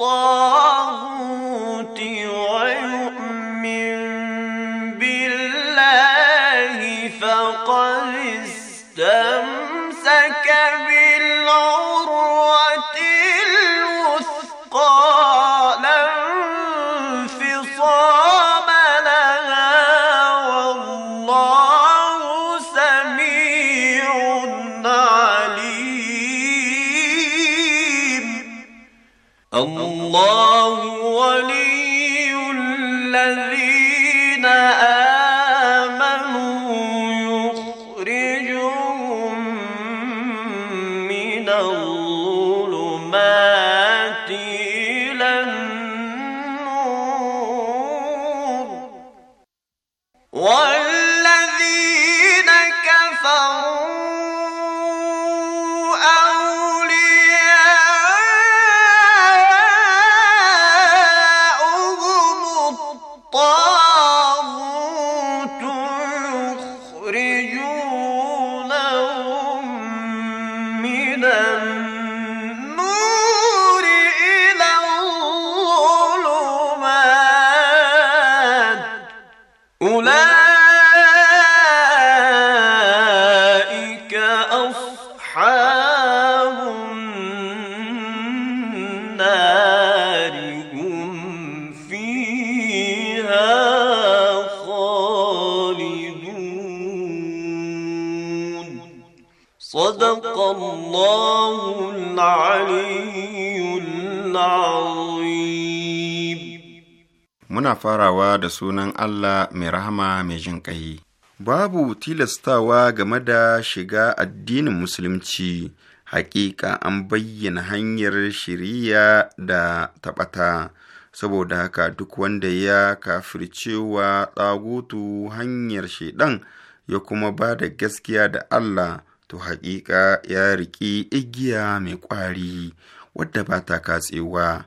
الطاعون muna farawa da sunan Allah mai rahama mai jin ƙai. Babu tilastawa game da shiga addinin Musulunci, hakika an bayyana hanyar shiriya da taɓata, saboda haka duk wanda ya kafircewa tsagutu hanyar shaiɗan ya kuma ba da gaskiya da Allah, to hakika ya riƙi igiya mai ƙwari, wadda ba ta katsewa.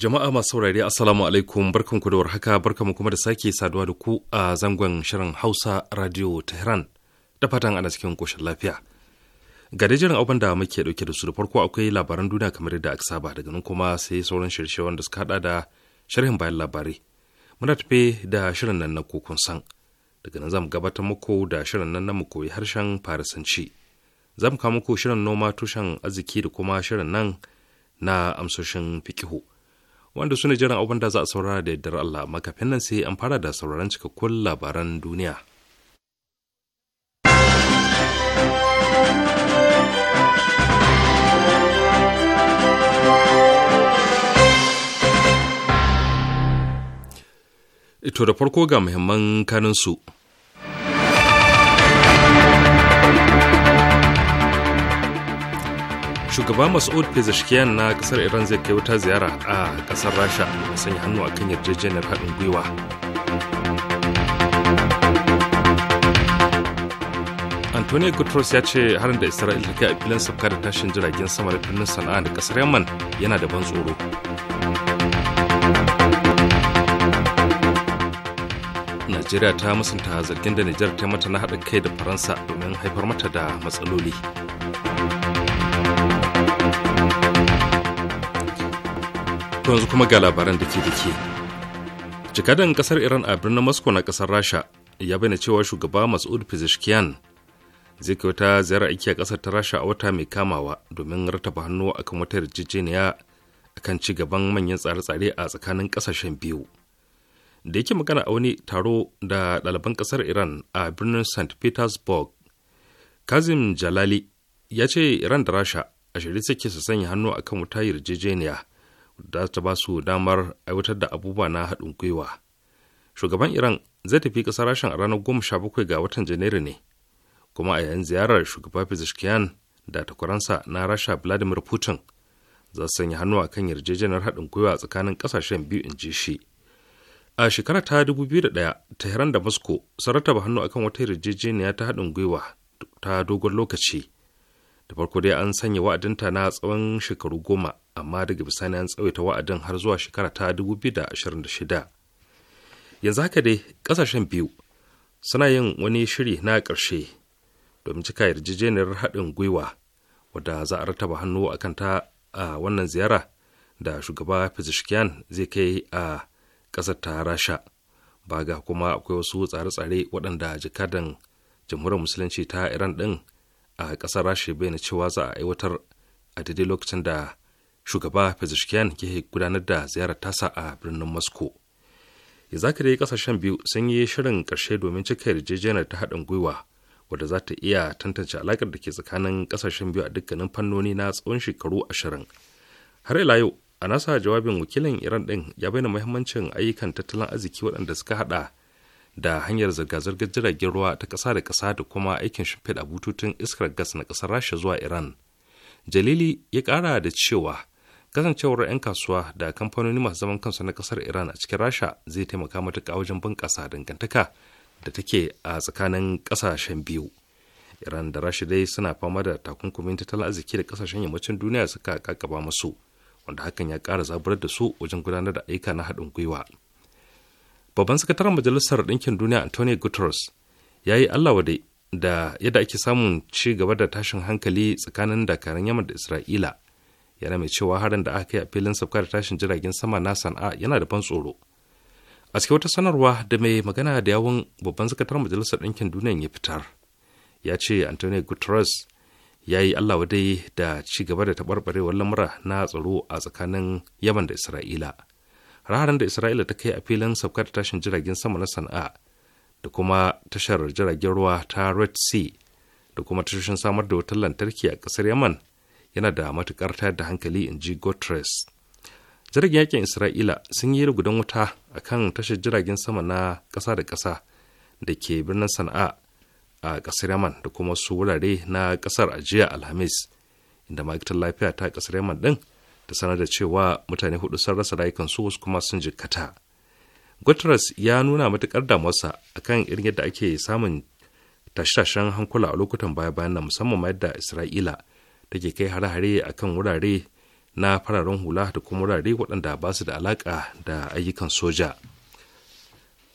Jama'a masu saurare Assalamu alaikum barkanku da warhaka barkanku kuma da sake saduwa da ku a zangon shirin Hausa Radio Tehran da fatan ana cikin koshin lafiya. Ga dai jiran abin da muke dauke da su da farko akwai labaran duniya kamar yadda aka saba daga nan kuma sai sauran shirye wanda suka hada da sharhin bayan labarai. Muna tafe da shirin nan na kokon san. Daga nan zamu gabatar muku da shirin nan na mu koyi harshen Farisanci. Zamu kawo muku shirin noma tushen arziki da kuma shirin nan na amsoshin fikihu. wanda su ne jiran abin da za a saurara da yardar Allah makafin nan sai an fara da sauraron cikakkun labaran duniya. Ito da farko ga muhimman kaninsu. su. shugaba mas'ud pezeshkian na kasar iran zai kai wuta ziyara a kasar rasha a sanya hannu akan yarjejeniyar haɗin gwiwa antonio guterres ya ce harin da isra'il ta kai a filin sabka da tashin jiragen sama da birnin sana'a da kasar yaman yana da ban tsoro najeriya ta musanta zargin da nijar ta mata na haɗa kai da faransa domin haifar mata da matsaloli to yanzu kuma ga labaran da ke da ke kasar iran a birnin moscow na kasar rasha ya bayyana cewa shugaba mas'ud pezeshkian zai kai wata ziyara aiki a kasar ta rasha a wata mai kamawa domin rataba hannu akan wata yarjejeniya kan ci gaban manyan tsare-tsare a tsakanin kasashen biyu da yake magana a wani taro da ɗaliban kasar iran a birnin st petersburg kazim jalali ya ce iran da rasha a shirye suke su sanya hannu akan wata yarjejeniya da ta ba su damar aiwatar da abubuwa na haɗin gwiwa shugaban iran zai tafi ƙasar rashin a ranar goma sha bakwai ga watan janairu ne kuma a yayin ziyarar shugaba pezeshkian da takwaransa na rasha vladimir putin za su sanya hannu a kan yarjejeniyar haɗin gwiwa tsakanin ƙasashen biyu in ji shi a shekara ta 2001 tehran da moscow sun rataba hannu akan wata yarjejeniya ta haɗin gwiwa ta dogon lokaci da farko dai an sanya wa'adinta na tsawon shekaru goma amma daga bisani an tsawaita wa'adin har zuwa shekara ta da shida yanzu haka dai kasashen biyu suna yin wani shiri na karshe domin cika yarjejeniyar haɗin gwiwa wadda za a rataba hannu a kanta a wannan ziyara da shugaba fizishkiyan zai kai a ƙasar ta rasha ga kuma akwai wasu tsare-tsare waɗanda jakadan jamhuriyar musulunci ta iran ɗin a ƙasar rasha bayyana cewa za a aiwatar a daidai lokacin da shugaba pezeshkian ke gudanar da ziyarar tasa a birnin moscow ya zaka dai kasashen biyu sun yi shirin karshe domin cika yarjejeniyar ta haɗin gwiwa wadda za ta iya tantance alaƙar da ke tsakanin kasashen biyu a dukkanin fannoni na tsawon shekaru ashirin har ila yau a nasa jawabin wakilin iran ɗin ya bayyana muhimmancin ayyukan tattalin arziki waɗanda suka haɗa da hanyar zirga-zirgar jiragen ruwa ta kasa da kasa da kuma aikin shimfiɗa bututun iskar gas na kasar rasha zuwa iran jalili ya kara da cewa kasancewar 'yan kasuwa da kamfanoni masu zaman kansu na ƙasar iran a cikin rasha zai taimaka matuƙa wajen bunƙasa dangantaka da take a tsakanin ƙasashen biyu iran da rasha dai suna fama da takunkumin tattalin arziki da ƙasashen yammacin duniya suka kakaba masu wanda hakan ya ƙara zaburar da su wajen gudanar da ayyuka na haɗin gwiwa babban sakataren majalisar ɗinkin duniya antonio guterres ya yi allah wade da yadda ake samun ci gaba da tashin hankali tsakanin dakarun yamma da isra'ila yana mai cewa harin da aka kai a filin sabka da tashin jiragen sama na sana'a yana da ban tsoro a cikin wata sanarwa da mai magana da yawun babban sakataren majalisar ɗinkin duniya ya fitar ya ce antonio guterres ya yi allah wadai da ci gaba da taɓarɓarewar lamura na tsaro a tsakanin yaman da isra'ila raharin da isra'ila ta kai a filin saukar tashin jiragen sama na sana'a da kuma tashar jiragen ruwa ta red sea da kuma tashoshin samar da wutar lantarki a ƙasar yaman yana da matukar tayar da hankali in ji gotres jiragen yakin isra'ila sun yi rugudan wuta a kan tashar jiragen sama na ƙasa da ƙasa da ke birnin sana'a a kasar yaman da kuma su wurare na ƙasar a alhamis inda ma'aikatar lafiya ta ƙasar yaman ɗin ta sanar da cewa mutane hudu sun rasa rayukansu wasu kuma sun jikkata. Guterres ya nuna matukar damuwarsa akan irin yadda ake samun tashe-tashen hankula a lokutan baya-bayan na musamman yadda Isra'ila take kai hare-hare akan wurare na fararen hula da kuma wurare waɗanda ba su da alaƙa da ayyukan soja.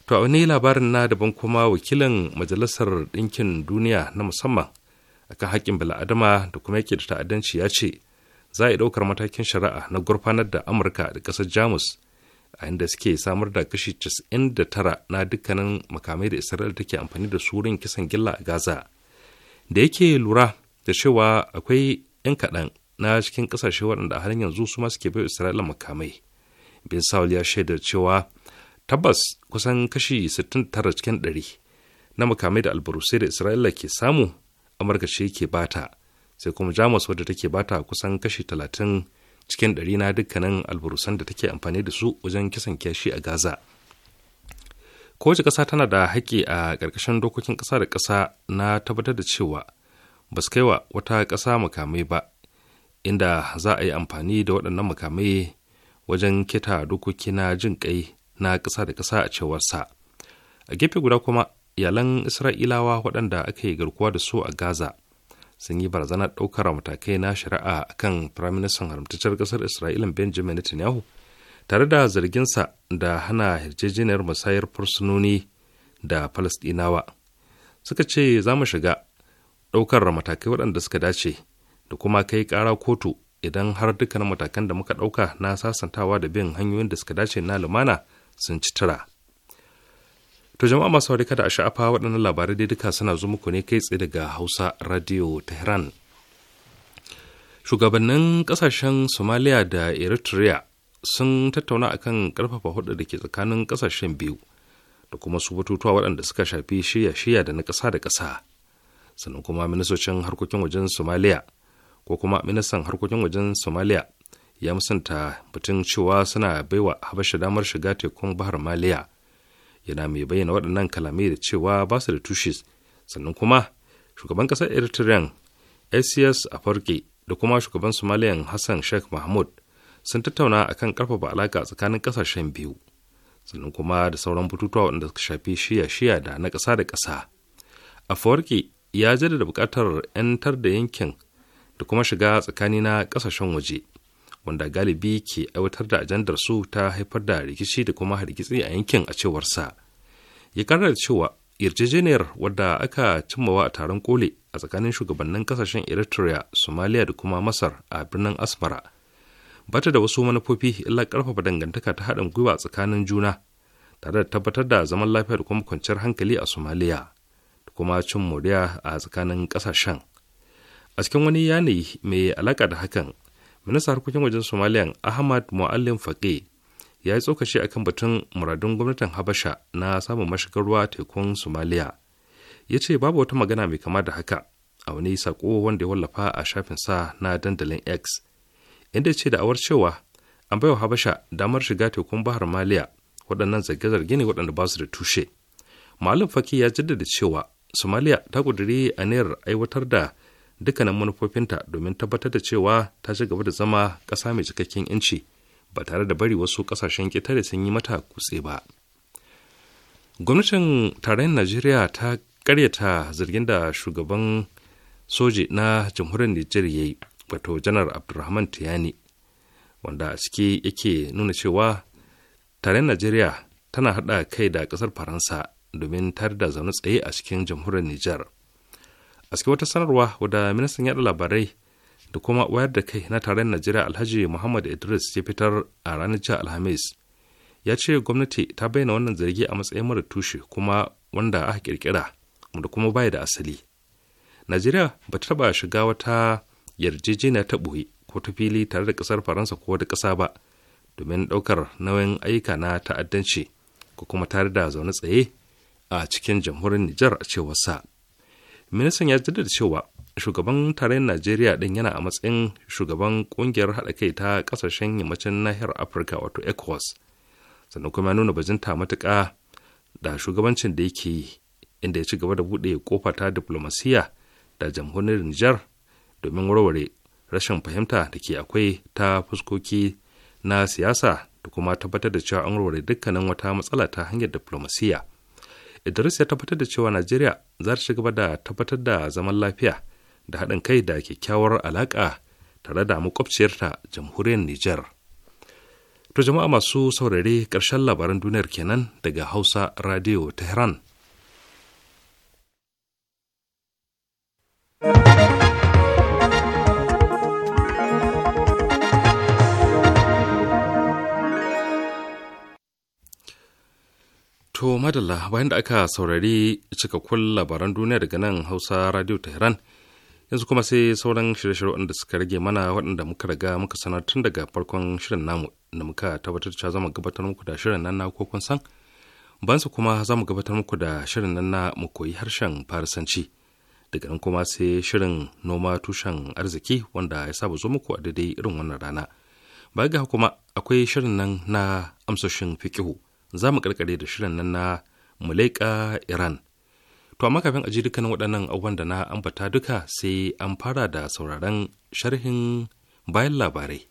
To a wani labarin na daban kuma wakilin Majalisar Ɗinkin Duniya na musamman akan haƙƙin bala'adama da kuma yake da ta'addanci ya ce za a ɗaukar matakin shari'a na gurfanar da amurka da ƙasar jamus a inda suke samar da kashi 99 na dukkanin makamai da isra'ila take amfani da su wurin kisan gilla a gaza da yake lura da cewa akwai 'yan kaɗan na cikin ƙasashe waɗanda a halin yanzu su ma suke bai isra'ila makamai bin saul ya shaidar cewa tabbas kusan kashi 69 cikin 100 na makamai da albarusai da isra'ila ke samu amurka ce ke bata sai kuma jamus wadda take bata kusan kashi talatin cikin ɗari na dukkanin alburusan da take amfani da su wajen kisan kyashi a gaza kowace ƙasa tana da haƙƙi a ƙarƙashin dokokin ƙasa da ƙasa na tabbatar da cewa ba su kai wa wata ƙasa makamai ba inda za a yi amfani da waɗannan makamai wajen kita dokoki na jin ƙai na ƙasa da ƙasa a cewarsa a gefe guda kuma iyalan isra'ilawa waɗanda aka yi garkuwa da su a gaza sun yi barazanar ɗaukar matakai na shari'a kan firaministan haramtaccen ƙasar isra'ila benjamin netanyahu tare da zarginsa da hana yarjejeniyar musayar fursunoni da falasɗinawa suka ce za mu shiga ɗaukar matakai waɗanda suka dace da kuma kai ƙara kotu idan har dukkanin matakan da muka ɗauka na sasantawa da bin hanyoyin da suka dace na lumana sun ci tara To jama'a masu saurari kada a sha'afa waɗannan labarai dai duka suna zo muku ne kai tsaye daga Hausa Radio Tehran. Shugabannin ƙasashen Somalia da Eritrea sun tattauna akan ƙarfafa hudu da ke tsakanin ƙasashen biyu da kuma su batutuwa waɗanda suka shafi shirya-shirya da na ƙasa da ƙasa. Sannan kuma ministocin harkokin wajen Somalia ko kuma ministan harkokin wajen Somalia ya musanta batun cewa suna baiwa Habasha damar shiga tekun Bahar Maliya. yana mai bayyana waɗannan kalamai da cewa ba su da tushe sannan kuma shugaban ƙasar eritrean acs afarke da kuma shugaban somaliyan hassan sheikh mahmud sun tattauna a kan ƙarfafa alaƙa tsakanin ƙasashen biyu sannan kuma da sauran bututuwa waɗanda suka shafi shiya-shiya da na ƙasa da ƙasa afarke ya jaddada buƙatar 'yantar da yankin da kuma shiga tsakani na ƙasashen waje wanda galibi ke aiwatar da ajandar su ta haifar da rikici da kuma hargitsi a yankin a cewarsa ya karar da cewa yarjejeniyar wadda aka cimmawa a taron koli a tsakanin shugabannin kasashen eritrea somalia da kuma masar a birnin asmara ba ta da wasu manufofi illa karfafa dangantaka ta haɗin gwiwa tsakanin juna tare da tabbatar da zaman lafiya da kuma kwanciyar hankali a somalia da kuma cin moriya a tsakanin kasashen a cikin wani yanayi mai alaka da hakan ministan harkokin wajen somaliya ahmad muallim fake ya yi tsokaci akan batun muradun gwamnatin habasha na samun mashigar ruwa tekun somaliya ya ce babu wata magana mai kama da haka a wani sako wanda ya wallafa a shafin sa na dandalin x inda ce da awar cewa an baiwa habasha damar shiga tekun bahar maliya waɗannan zarge-zarge ne waɗanda ba su da tushe malam faki ya jaddada cewa somaliya ta ƙudiri a aiwatar da dukkanin manufofinta domin tabbatar da cewa ta ci gaba da zama ƙasa mai cikakken 'yanci ba tare da bari wasu ƙasashen ƙetare sun yi mata kutse ba. Gwamnatin tarayyar Najeriya ta karyata zargin da shugaban soji na jamhuriyar Nijar ya yi, wato janar Abdulrahman Tiyani, wanda a ciki yake nuna cewa tarayyar Najeriya tana haɗa kai da ƙasar Faransa domin tare da zaune tsaye a cikin jamhuriyar Nijar. a cikin wata sanarwa wadda ministan yaɗa labarai da kuma wayar da kai na taron najeriya alhaji muhammad idris ya fitar a ranar jiya alhamis ya ce gwamnati ta bayyana wannan zargi a matsayin mara tushe kuma wanda aka kirkira da kuma baya da asali najeriya ba ta taba shiga wata yarjejeniya ta ɓoye ko ta fili tare da ƙasar faransa ko wata ƙasa ba domin ɗaukar nauyin ayyuka na ta'addanci ko kuma tare da zaune tsaye a cikin jamhuriyar nijar a cewar sa ministan ya jaddada cewa shugaban tarayyar najeriya din yana a matsayin shugaban kungiyar haɗa kai ta kasashen yammacin nahiyar afirka wato ecowas sannan kuma ya nuna bajinta matuƙa da shugabancin da yake yi inda ya ci gaba da buɗe kofa ta diplomasiya da jamhuriyar nijar domin warware rashin fahimta da ke akwai ta fuskoki na siyasa da kuma tabbatar da cewa an warware dukkanin wata matsala ta hanyar diplomasiya Idris ya tabbatar da cewa Najeriya za ta ci gaba da tabbatar da zaman lafiya da haɗin kai da kyakkyawar alaƙa tare da makwabciyarta jamhuriyar Nijar. To jama'a masu saurare ƙarshen labaran duniyar kenan daga Hausa Radio Tehran. To madalla bayan da aka saurari cikakkun labaran duniya daga nan Hausa Radio Tehran yanzu kuma sai sauran shirye-shirye da suka rage mana waɗanda muka riga muka sanar tun daga farkon shirin namu da muka tabbatar cewa zamu gabatar muku da shirin nan na ko kun san su kuma za mu gabatar muku da shirin nan na mu koyi harshen farisanci daga nan kuma sai shirin noma tushen arziki wanda ya saba zo muku a daidai irin wannan rana baya ga kuma akwai shirin nan na amsoshin fikihu za mu karkare da shirin nan na Muleka Iran. To amma kafin a ji dukkanin waɗannan abubuwan da na ambata duka sai an fara da sauraron sharhin bayan labarai.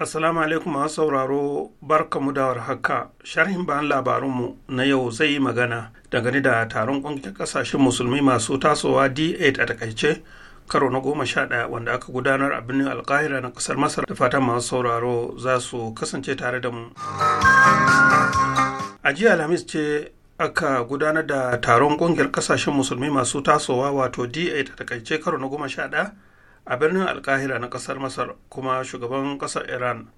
Assalamu alaikum masu sauraro barkamu da warhaka sharhin bayan labarunmu na yau zai yi magana dangane da taron ƙungiyar ƙasashen musulmi masu tasowa D8 a takaice karo na goma sha ɗaya wanda aka gudanar a birnin alkahira na kasar masar da fatan masu sauraro za su kasance tare da mu. A jiya Alhamis ce aka gudanar da taron ƙungiyar ƙasashen musulmi masu tasowa wato D8 a takaice karo na goma sha ɗaya a birnin alkahira na kasar masar kuma shugaban kasar iran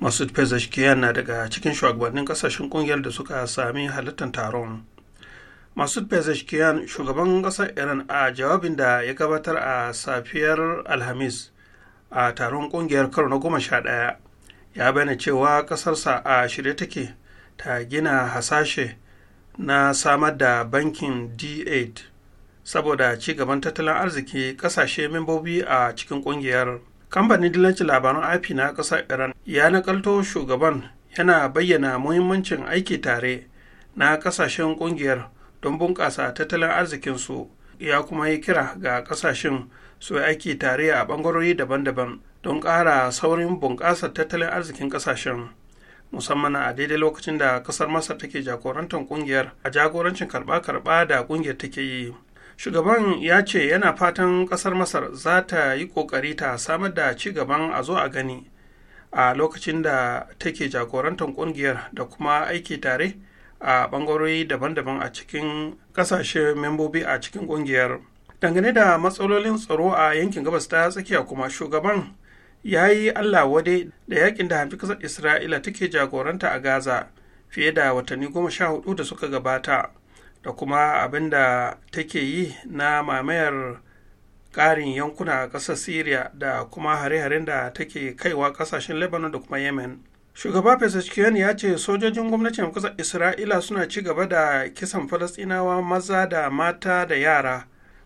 masud pezeshkian na daga cikin shugabannin kasashen kungiyar da suka sami halittar taron masud pezeshkian shugaban kasar iran a jawabin da ya gabatar a safiyar alhamis a taron kungiyar karo na goma sha ɗaya ya bayyana cewa ƙasarsa a shirye take ta gina hasashe na samar da bankin d8 saboda ci gaban tattalin arziki kasashe membobi a cikin kungiyar kamfanin dillancin labaran ip na kasar iran ya nakalto shugaban yana bayyana muhimmancin aiki tare na kasashen kungiyar don bunƙasa tattalin arzikinsu ya kuma yi kira ga kasashen su aiki tare a ɓangarori daban-daban don ƙara saurin bunƙasar tattalin arzikin kasashen musamman a daidai lokacin da ƙasar masar take jagorantar kungiyar a jagorancin karɓa-karɓa da kungiyar take yi shugaban ya ce yana fatan ƙasar masar za ta yi ƙoƙari ta samar da ci gaban a zo a gani a lokacin da take jagorantar ƙungiyar da kuma aiki tare a ɓangarori daban-daban a cikin ƙasashe membobi a cikin ƙungiyar dangane da matsalolin tsaro a yankin gabas ta tsakiya kuma shugaban ya yi allah wade da yakin da hamfi ƙasar isra'ila take jagoranta a gaza fiye da watanni goma sha hudu da suka gabata da kuma abin da take yi na mamayar ƙarin yankuna a ƙasar syria da kuma hare-haren da take kaiwa ƙasashen lebanon da kuma yemen shugaba pezeshkian ya ce sojojin gwamnatin kusa isra'ila suna ci gaba da kisan falastinawa maza da mata da yara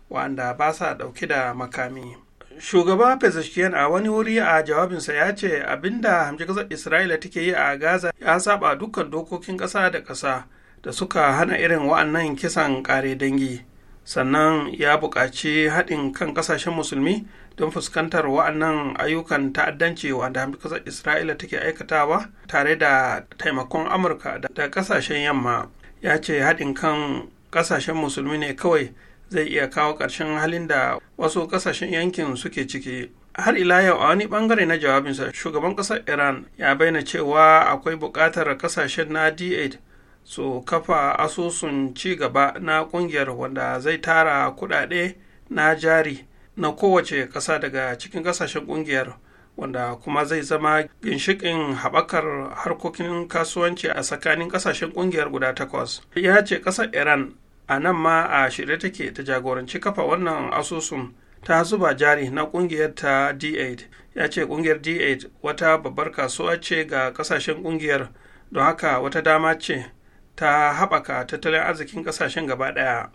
wanda ba sa ɗauke da makami shugaba pezeshkian a wani wuri a jawabinsa ya ce abinda hamji ƙasar isra'ila take yi a gaza ya saba dukkan dokokin ƙasa da ƙasa da suka hana irin wa'annan kisan ƙare dangi sannan ya buƙaci haɗin kan ƙasashen musulmi don fuskantar wa'annan ayyukan ta'addanci wanda ƙasar isra'ila take aikatawa tare da taimakon amurka da ƙasashen yamma ya ce haɗin kan ƙasashen musulmi ne kawai zai iya kawo ƙarshen halin da wasu ƙasashen yankin suke ciki har ila yau a wani bangare na jawabinsa shugaban ƙasar iran ya bayyana cewa akwai buƙatar ƙasashen na d8 su kafa asusun ci gaba na kungiyar wanda zai tara kudade na jari na kowace ƙasa daga cikin ƙasashen kungiyar wanda kuma zai zama ginshikin haɓakar harkokin kasuwanci a tsakanin ƙasashen kungiyar guda takwas ya ce ƙasar iran a nan ma a shirye take ta jagoranci kafa wannan asusun ta zuba jari na kungiyar ta d8 ya ce kungiyar d8 wata babbar kasuwa ce ga ƙasashen kungiyar don haka wata dama ce ta haɓaka tattalin arzikin ƙasashen gaba ɗaya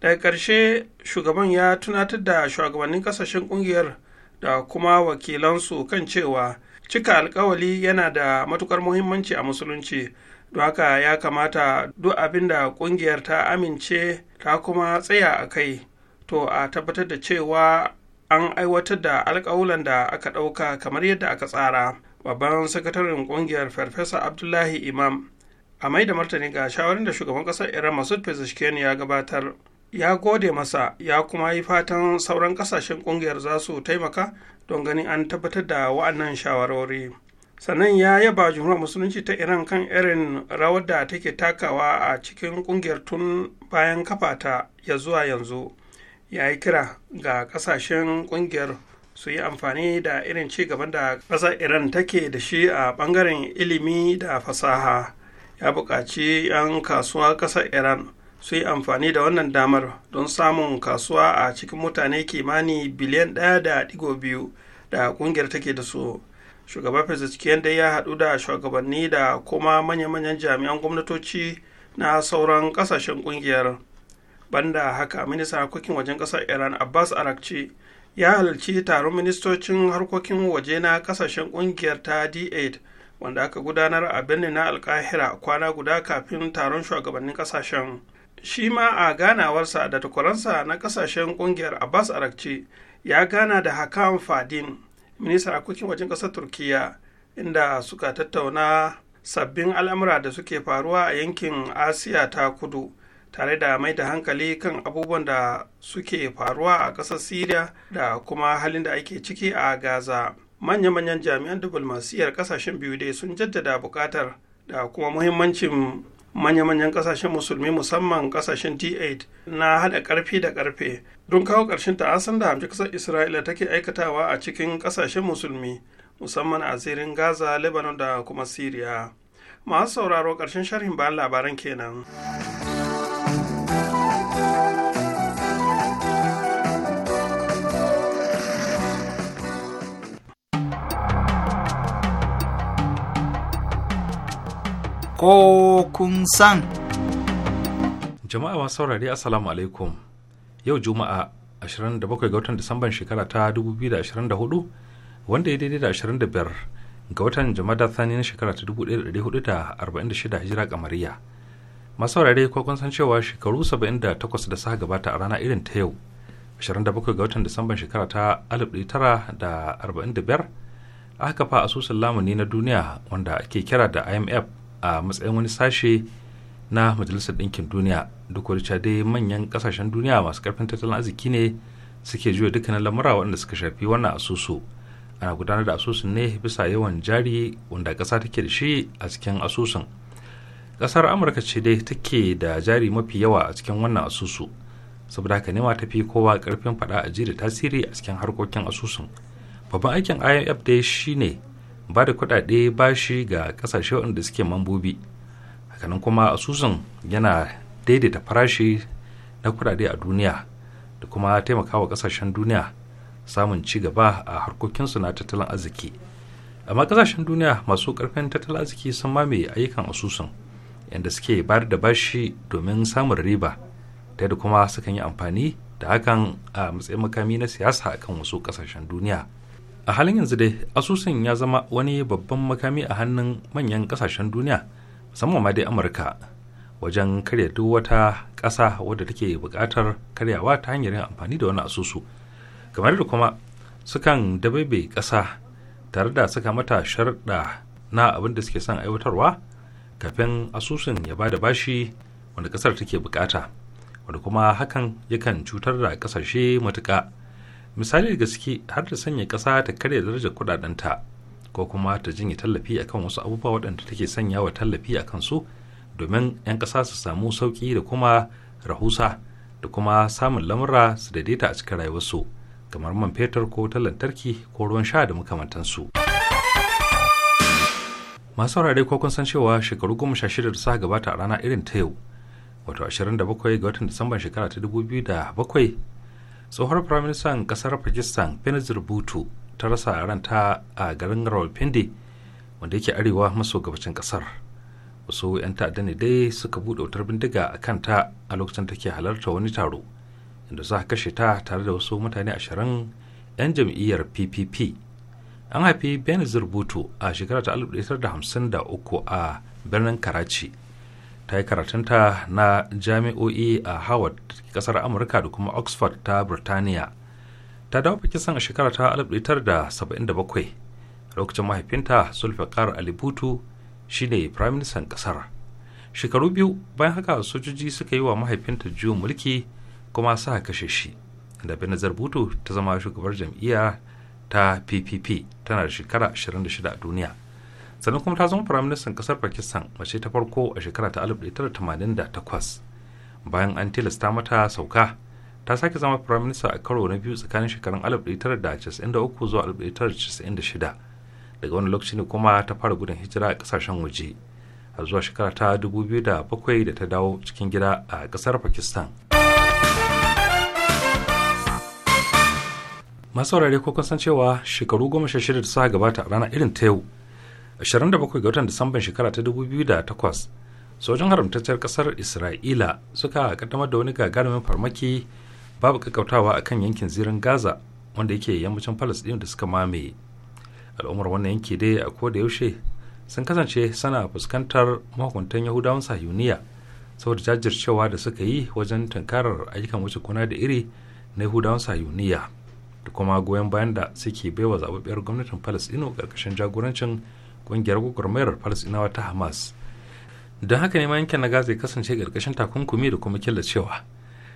daga ƙarshe shugaban ya tunatar da shugabannin ƙasashen ƙungiyar da kuma wakilansu kan cewa cika alkawali yana da matukar muhimmanci a musulunci don haka ya kamata duk abin da ƙungiyar ta amince ta kuma tsaya a kai to a tabbatar da cewa an aiwatar da alkawulan da aka ɗauka kamar yadda aka tsara babban sakataren ƙungiyar farfesa abdullahi imam a mai da martani ga shawarin da shugaban ƙasar iran masud pezeshkian ya gabatar ya gode masa ya kuma yi fatan sauran ƙasashen ƙungiyar za su taimaka don ganin an tabbatar da wa'annan shawarwari sannan ya yaba jumhuriyar musulunci ta iran kan irin rawar da take takawa a cikin ƙungiyar tun bayan kafa ta ya zuwa yanzu ya yi kira ga ƙasashen ƙungiyar su yi amfani da irin ci gaban da ƙasar iran take da shi a ɓangaren ilimi da fasaha ya buƙaci 'yan kasuwa ƙasar iran su yi amfani da wannan damar don samun kasuwa a cikin mutane kimani biliyan ɗaya da ɗigo biyu da ƙungiyar take da su shugaban fezikiyar da ya haɗu da shugabanni da kuma manya-manyan jami'an gwamnatoci na sauran ƙasashen ƙungiyar banda haka ministan harkokin wajen ƙasar iran abbas arakci ya halarci taron ministocin harkokin waje na ƙasashen ƙungiyar ta d8 wanda aka gudanar a birnin na alkahira kwana guda kafin taron shugabannin kasashen shi ma a ganawarsa da takwaransa na kasashen kungiyar abbas arakci ya gana da hakan fadin ministan harkokin wajen kasar turkiya inda suka tattauna sabbin al'amura da suke faruwa a yankin asiya ta kudu tare da mai da hankali kan abubuwan da suke faruwa a ƙasar syria da kuma halin da ake ciki a gaza manya-manyan jami'an diflomasiyyar kasashen biyu dai sun jaddada buƙatar da kuma muhimmancin manya-manyan kasashen musulmi musamman kasashen t8 na haɗa karfi da karfe don kawo ƙarshen ta'asan da hamci kasar isra'ila take aikatawa a cikin kasashen musulmi musamman a zirin gaza lebanon da kuma syria masu sauraro ƙarshen sharhin bayan labaran kenan. ko kun san. Jama'a masu saurari Assalamu alaikum. Yau Juma'a 27 ga watan Disamban shekara ta 2024 wanda ya daidai da 25 ga watan Jama'a sani na shekara ta 1446 hijira kamariya. Masu saurari ko kun san cewa shekaru 78 da suka gabata a rana irin ta yau 27 ga watan Disamban shekara ta 1945 aka kafa asusun lamuni na duniya wanda ake kira da IMF a matsayin wani sashe na majalisar ɗinkin duniya duk wadda dai manyan ƙasashen duniya masu ƙarfin tattalin arziki ne suke juya dukkanin lamura waɗanda suka shafi wannan asusu ana gudanar da asusun ne bisa yawan jari wanda ƙasa take da shi a cikin asusun ƙasar amurka ce dai take da jari mafi yawa a cikin wannan asusu saboda haka nema ta fi kowa ƙarfin faɗa a ji da tasiri a cikin harkokin asusun babban aikin imf dai shine ba da kuɗaɗe bashi ga ƙasashe waɗanda suke mambobi hakanan kuma asusun yana daidaita farashi na kuɗaɗe a duniya da kuma taimakawa ƙasashen duniya samun ci gaba a harkokinsu na tattalin arziki amma ƙasashen duniya masu karfin tattalin arziki sun mamaye ayyukan asusun inda suke bayar da bashi domin samun riba ta da kuma sukan yi amfani da hakan a matsayin makami na siyasa akan wasu kasashen duniya a halin yanzu dai asusun ya zama wani babban makami a hannun manyan kasashen duniya musamman ma dai amurka wajen karya duk wata ƙasa wadda take buƙatar karyawa ta hanyar yin amfani da wani asusu kamar da kuma sukan dabaibe ƙasa tare da suka mata sharɗa na abin da suke son aiwatarwa kafin asusun ya ba da bashi wanda ƙasar take buƙata wanda kuma hakan yakan cutar da ƙasashe matuƙa misali gaske har da sanya ƙasa ta karya darajar ta ko kuma ta jinye tallafi akan wasu abubuwa waɗanda take sanya wa tallafi a kansu domin 'yan ƙasa su samu sauƙi da kuma rahusa da kuma samun lamura su daidaita a cikin rayuwarsu kamar man fetur ko ta lantarki ko ruwan sha da makamantansu. masu saurare ko kun san cewa shekaru goma sha shida da suka gabata a rana irin ta yau wato 27 ga watan disamban shekara ta 2007 tsohuwar firaministan kasar pakistan benazir bhutto ta rasa ranta a garin rawalpindi wanda yake arewa maso gabacin kasar wasu 'yan ta'adda ne dai suka buɗe wutar bindiga a kanta a lokacin take halarta wani taro inda za a kashe ta tare da wasu mutane ashirin 'yan jam'iyyar ppp an haifi benazir bhutto a shekara ta 1953 a birnin karachi ta yi karatunta na jami'o'i a howard kasar amurka da kuma oxford ta burtaniya ta dawo pakistan a shekara ta 1977 lokacin mahaifinta Sulfakar alibutu shine prime minister kasar shekaru biyu bayan haka sojoji suka yi wa mahaifinta juyin mulki kuma sa kashe shi da benazir butu ta zama shugabar jam'iyya ta ppp tana da shekara 26 a duniya sannan kuma ta zama firaministan kasar pakistan mace ta farko a shekara ta 1988 bayan an tilasta mata sauka ta sake zama firaminista a karo na biyu tsakanin shekarun 1993 zuwa 1996 daga wani lokaci ne kuma ta fara gudun hijira a kasashen waje a zuwa shekara ta 2007 da ta dawo cikin gida a kasar pakistan masu saurari ko kasancewa shekaru goma sha shida da suka gabata a rana irin ta yau 27 ga watan disamban shekara ta 2008 sojin haramtacciyar kasar isra'ila suka kaddamar da wani gagarumin farmaki babu kakkautawa a kan yankin zirin gaza wanda yake yammacin palestine da suka mamaye al'ummar wannan yanki dai a da yaushe sun kasance sana fuskantar mahukuntan yahudawan sahiyuniya saboda jajircewa da suka yi wajen tunkarar ayyukan wuce kuna da iri na yahudawan sahiyuniya da kuma goyon bayan da suke baiwa zaɓaɓɓiyar gwamnatin palestino ƙarƙashin jagorancin ƙungiyar gwagwarmayar falasinawa ta hamas don haka ne ma yankin na gaza ya kasance karkashin takunkumi da kuma killacewa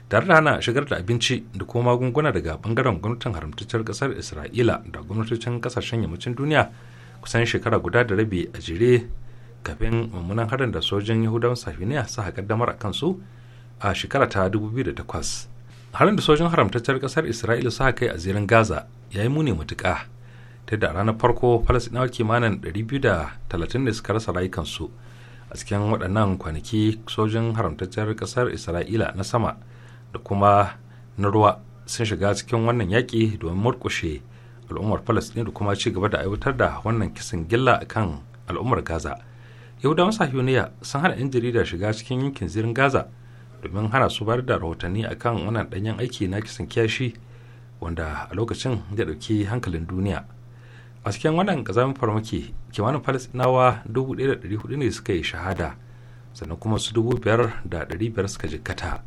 tare da hana shigar da abinci da kuma magunguna daga bangaren gwamnatin haramtaccen kasar isra'ila da gwamnatocin kasashen yammacin duniya kusan shekara guda da rabi a jere kafin mummunan harin da sojin yahudawan safiniya suka kaddamar a kansu a shekara ta da takwas. harin da sojin haramtaccen kasar isra'ila suka kai a zirin gaza ya yi muni matuƙa ta da ranar farko falasɗinawa kimanin 230 da suka rasa rayukansu a cikin waɗannan kwanaki sojin haramtacciyar ƙasar isra'ila na sama da kuma na ruwa sun shiga cikin wannan yaƙi domin murƙushe al'ummar falasɗin da kuma ci gaba da aiwatar da wannan kisan gilla a kan al'ummar gaza yau da masu sahiyoniya sun hana 'yan jarida shiga cikin yankin zirin gaza domin hana su bayar da rahotanni a kan wannan ɗanyen aiki na kisan kiyashi wanda a lokacin ya ɗauki hankalin duniya a cikin wannan kazamin farmaki kimanin falasinawa 1,400 ne suka yi shahada sannan kuma su 5,500 suka jikkata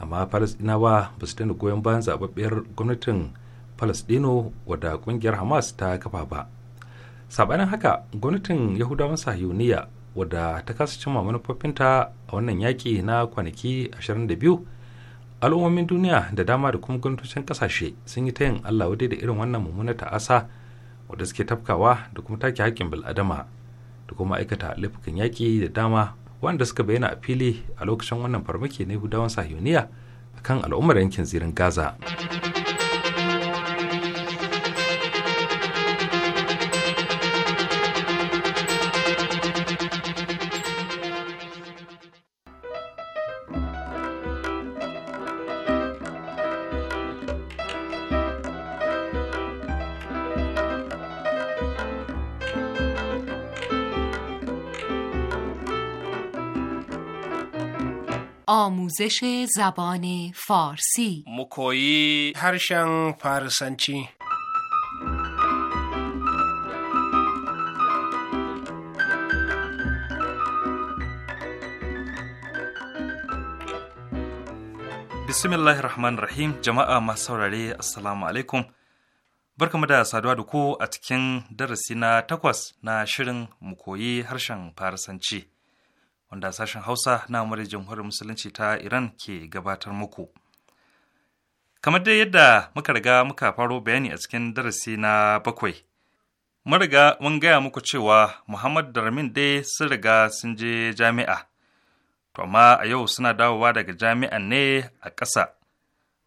amma falasinawa ba su daina goyon bayan zababbiyar gwamnatin falasdino wadda kungiyar hamas ta kafa ba sabanin haka gwamnatin yahudawan sahiyoniya wadda ta kasa cimma manufofinta a wannan yaƙi na kwanaki 22 al'ummomin duniya da dama da kuma gwamnatocin ƙasashe sun yi ta yin allah wadai da irin wannan mummunar ta'asa wadda suke tafkawa da kuma take haƙƙin bil'adama da kuma aikata laifukan yaƙi da dama wanda suka bayyana a fili a lokacin wannan farmaki na yahudawan sahiyoniya kan al'ummar yankin zirin gaza. آموزش زبان فارسی مکویی هرشن فارسنچی الله الرحمن rahim jama'a masu saurare السلام alaikum barkamu da saduwa da ku a cikin darasi na takwas na shirin mu koyi harshen farisanci wanda sashen hausa na murar jamhuriyar musulunci ta iran ke gabatar muku kamar dai yadda muka riga muka faro bayani a cikin darasi na bakwai mun riga mun gaya muku cewa muhammad da ramin dai sun riga sun je jami'a to amma a yau suna dawowa daga jami'an ne a ƙasa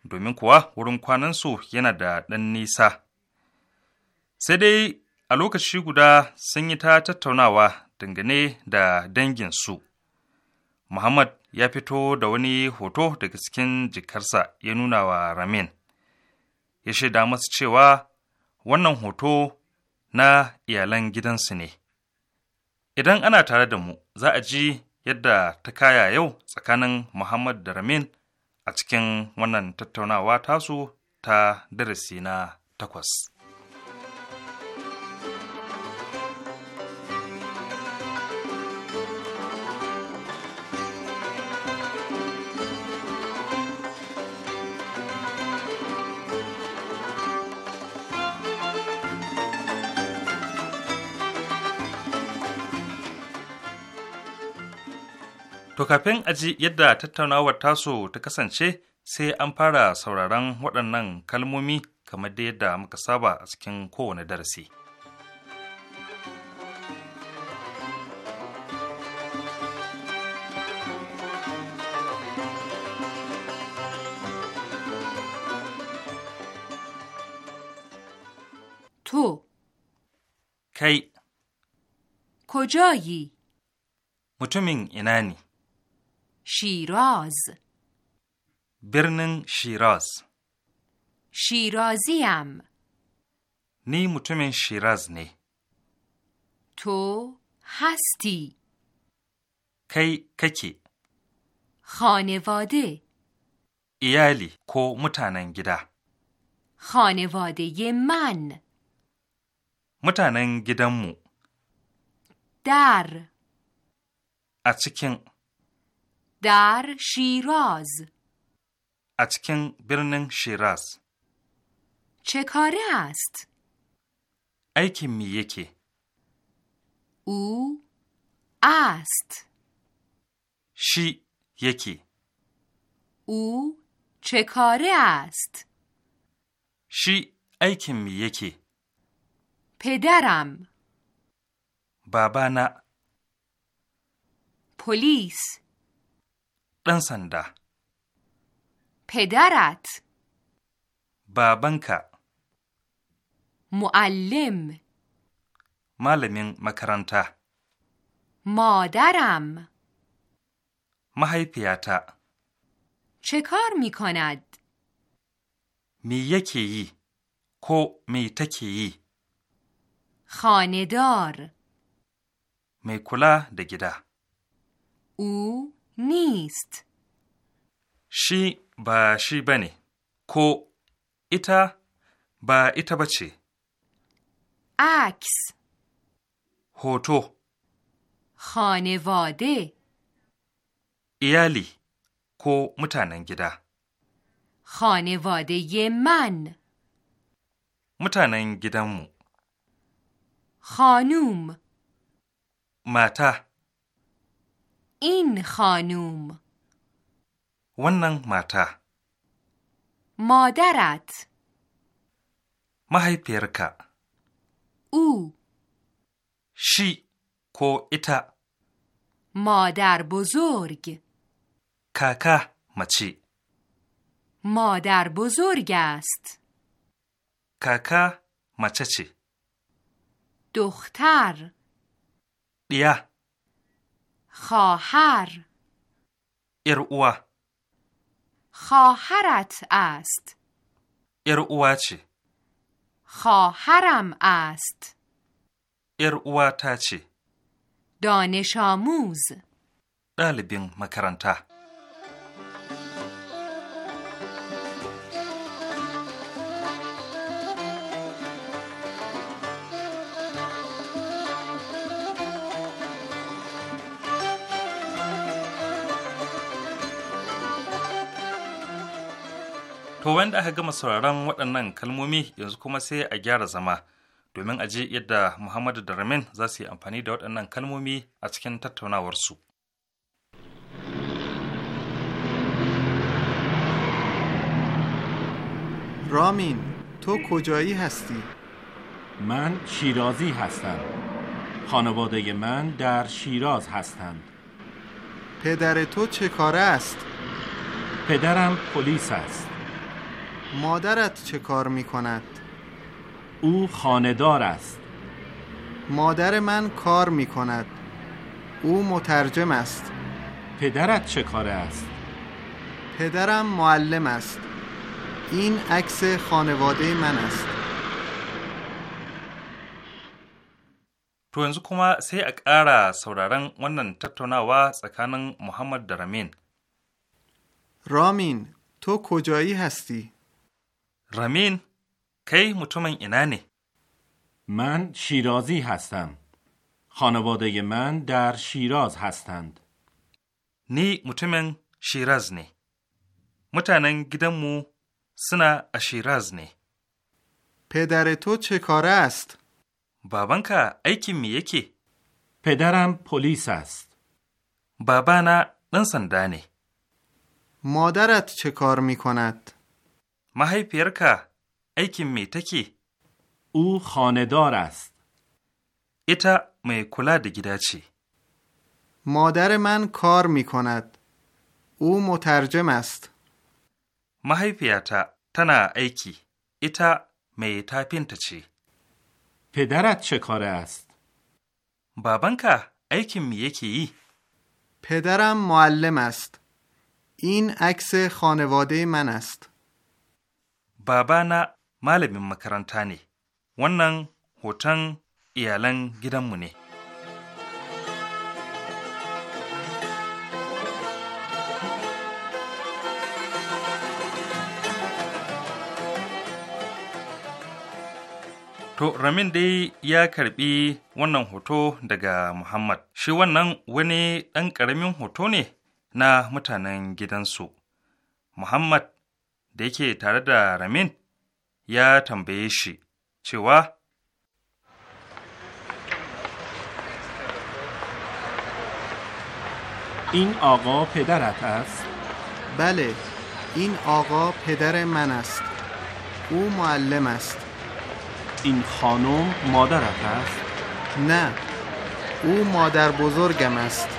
domin kuwa wurin kwanansu yana da ɗan nisa sai dai a lokaci guda sun yi ta tattaunawa dangane da danginsu Muhammad ya fito da wani hoto daga cikin jikarsa ya nuna wa Ramin. Ya shaida masa cewa wannan hoto na iyalan gidansu ne. Idan ana tare da mu, za a ji yadda ta kaya yau tsakanin Muhammad da Ramin a cikin wannan tattaunawa tasu ta darasi na takwas. To kafin aji yadda tattaunawar taso ta kasance sai an fara sauraron waɗannan kalmomi kamar da yadda muka saba a cikin kowane darasi. تو کی کجایی متومین اینانی شیراز برنن شیراز شیرازیم نی مطمئن شیراز نی تو هستی کی ککی خانواده ایالی کو متانن گیدا خانواده من متانن مو در اچکن در شیراز اچکن برنن شیراز چه کاره است؟ ای که می یکی او است شی یکی او چه کاره است؟ شی ای که می یکی پدرم بابا نه پلیس ɗan پدرت بابانک معلم معلمین مکرانتا مادرم مهیپیاتا چه کار می کند؟ می یکی ای کو می تکی ای خاندار می کلا دگیده او نیست شی با شی بنی کو ایتا با ایتا بچه عکس هوتو خانواده ایالی کو متانن گدا خانواده من متانن خانوم ماتا این خانوم ونن ماتا مادرت مهی پیرکا او شی کو ایتا مادر بزرگ کاکا مچی مادر بزرگ است کاکا مچچی دختر دیا خواهر ارعوه خواهرت است ارعوه چی؟ خواهرم است ارعوه تا چی؟ دانش آموز ɗalibin مکرانتا. To wanda aka gama sauraron waɗannan kalmomi yanzu kuma sai a gyara zama domin a yadda Muhammadu da Ramin za su yi amfani da waɗannan kalmomi a cikin tattaunawarsu. رامین تو کجایی هستی؟ من شیرازی هستم خانواده من در شیراز هستند پدر to چه کاره است؟ پدرم پلیس است مادرت چه کار می کند؟ او خاندار است مادر من کار می کند او مترجم است پدرت چه کار است؟ پدرم معلم است این عکس خانواده من است تو yanzu kuma sai a ƙara sauraron wannan tattaunawa tsakanin Muhammad da رامین تو کجایی هستی؟ رامین کی مطمئن اینانه من شیرازی هستم خانواده من در شیراز هستند نی مطمئن شیراز نه متنن گیدمو سنا اشیراز نه پدر تو چه کاره است؟ بابانکا ایکی می یکی پدرم پلیس است بابانا دن مادرت چه کار می کند؟ mahaifiyarka aikin می تکی او خاندار است. ایتا می کلا ده مادر من کار می کند. او مترجم است. mahaifiyata تنا ایکی ita می tafinta چی پدرت چه کار است؟ بابانکا ایکی می یکی پدرم معلم است. این عکس خانواده من است. babana malamin makaranta ne, wannan hoton iyalan gidanmu ne. To, Ramin dai ya karbi wannan hoto daga Muhammad. Shi wannan wani ɗan ƙaramin hoto ne na mutanen gidansu. Muhammad da yake tare da Ramin ya tambaye shi این آقا پدرت است؟ بله این آقا پدر من است او معلم است این خانم مادرت است؟ نه او مادر بزرگم است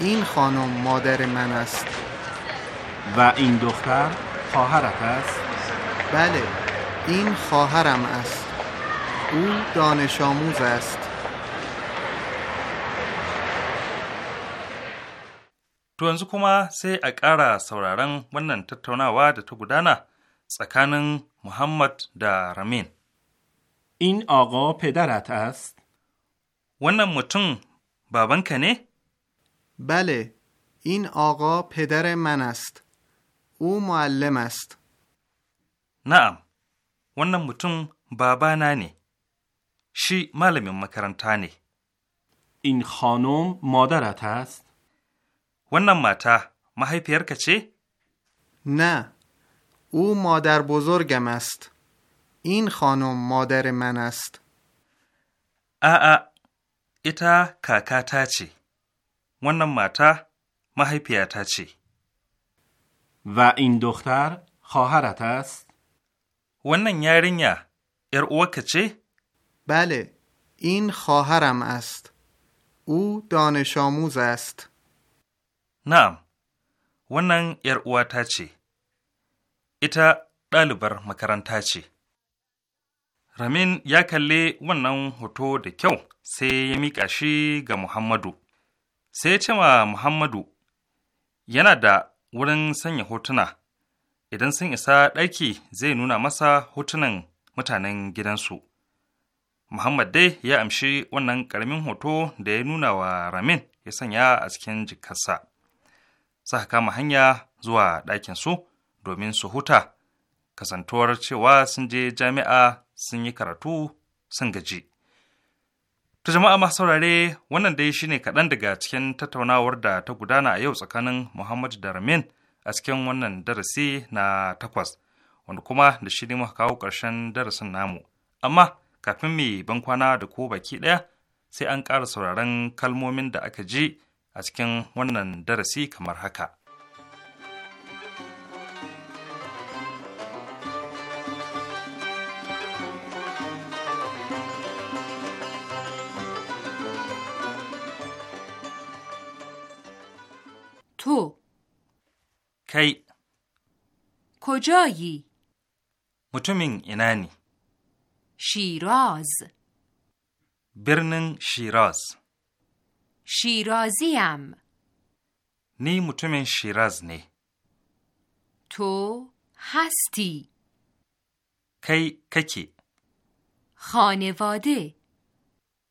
این خانم مادر من است و این دختر خواهرت است؟ بله این خواهرم است او دانش آموز است To yanzu kuma sai a ƙara sauraron wannan tattaunawa da ta gudana tsakanin Muhammad da Ramin. in آقا پدرت ast wannan mutum babanka ne? bale in آقا پدر man ast او معلم است. نعم. wannan mutum babana ne. Shi malamin makaranta ne. این خانم مادرت است؟ wannan mata mahaifiyarka ce? نه. او مادر بزرگم است. این خانم مادر من است. آآ ایتا کاکاتا ce, wannan mata mahaifiyata ce. و این دختر خواهرت است؟ ونن یارینیا ار اوکه چه؟ بله این خواهرم است او دانش آموز است نعم ونن ار اواتا چه ایتا ɗalibar makaranta ce. Ramin ya kalli wannan hoto da kyau sai ya miƙa shi ga Muhammadu. Sai ya Muhammadu, yana da wurin sanya hotuna idan sun isa ɗaki zai nuna masa hotunan mutanen gidansu muhammad dai ya amshi wannan ƙaramin hoto da ya nuna wa ramin ya sanya a cikin jikarsa suka kama hanya zuwa ɗakinsu domin su huta kasantuwar cewa sun je jami'a sun yi karatu sun gaji To jama'a masu saurare wannan dai shine kaɗan daga cikin tattaunawar da ta gudana a yau tsakanin Muhammadu da Ramin a cikin wannan darasi na takwas wanda kuma da shi ne muka kawo ƙarshen darasin namu. Amma kafin mai ban kwana da ko baki ɗaya sai an ƙara sauraron kalmomin da aka ji a cikin wannan darasi kamar haka. تو کی کجایی؟ متومین اینانی شیراز برنن شیراز شیرازیم نی متومین شیراز نی تو هستی کی ککی خانواده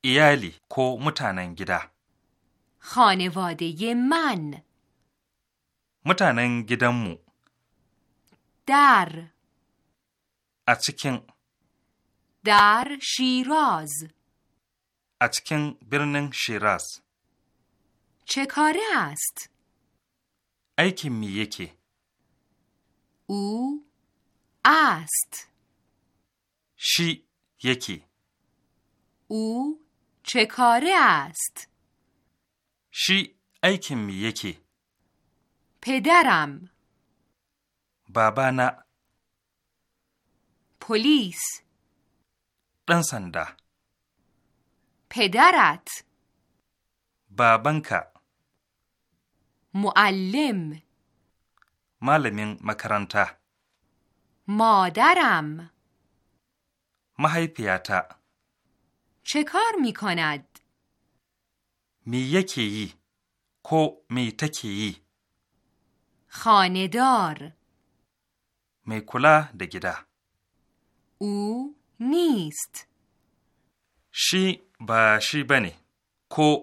ایالی کو متانن گیده خانواده من متعنیم گدمو در اچکن در شیراز اچکن برنن شیراز چه کاره است؟ ای کمی یکی او است شی یکی او چه کاره است؟ شی ای کمی یکی پدرم نا، پلیس دن پدرت بابانکا معلم معلمین مکرانتا مادرم پیاتا چه کار می کند؟ می یکی کو می تکی خاندار میکولا دگیده او نیست. شی با شی بنی کو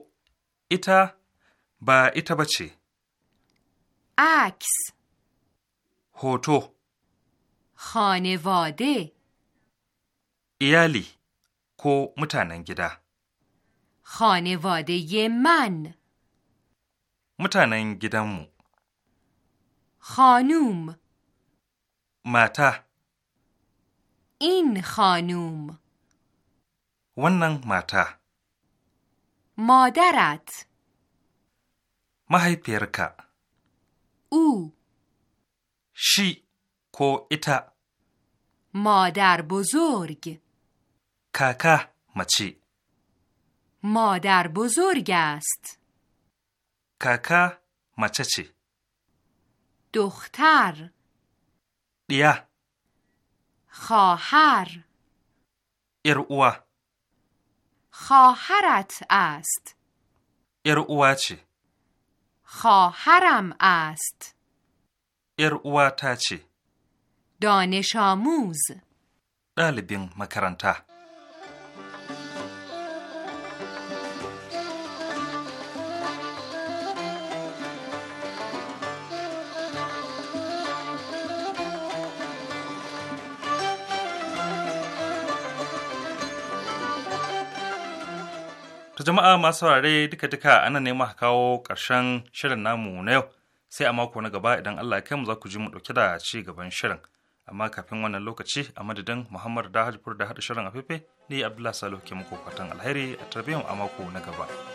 ایتا با ایتا بچی عکس هوتو خانواده ایالی کو متانن گیده خانواده من متانن مو خانوم ماتا این خانوم ونن ماتا مادرت مهیپیرکا او شی کو ایتا مادر بزرگ کاکا مچی مادر بزرگ است کاکا مچچی دختر دیا خواهر ارعوه خواهرت است ارعوه چی؟ خواهرم است ارعوه تا چی؟ دانش آموز دالبین مکرانتا. jama'a masu saurare duka-duka ana nema kawo karshen shirin namu na yau sai a mako na gaba idan Allah ya kai mu za ku ji mu ɗauke da ci gaban shirin. Amma kafin wannan lokaci a madadin Muhammad Dahajpur da haɗa shirin a fefe ne Abdullahi Salihu ke muku fatan alheri a tarbiyyar a mako na gaba.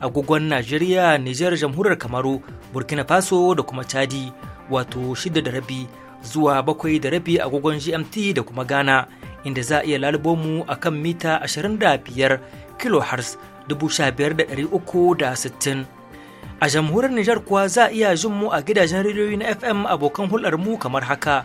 agogon Najeriya, Nijar, Jamhuriyar Kamaru, Burkina Faso da kuma Chadi, wato shida da rabi zuwa bakwai da rabi agogon GMT da kuma Ghana, inda za a iya lalubo mu a kan mita 25 kHz 15,360. A jamhuriyar Nijar kuwa za a iya jin mu a gidajen rediyoyi na FM abokan hular mu kamar haka.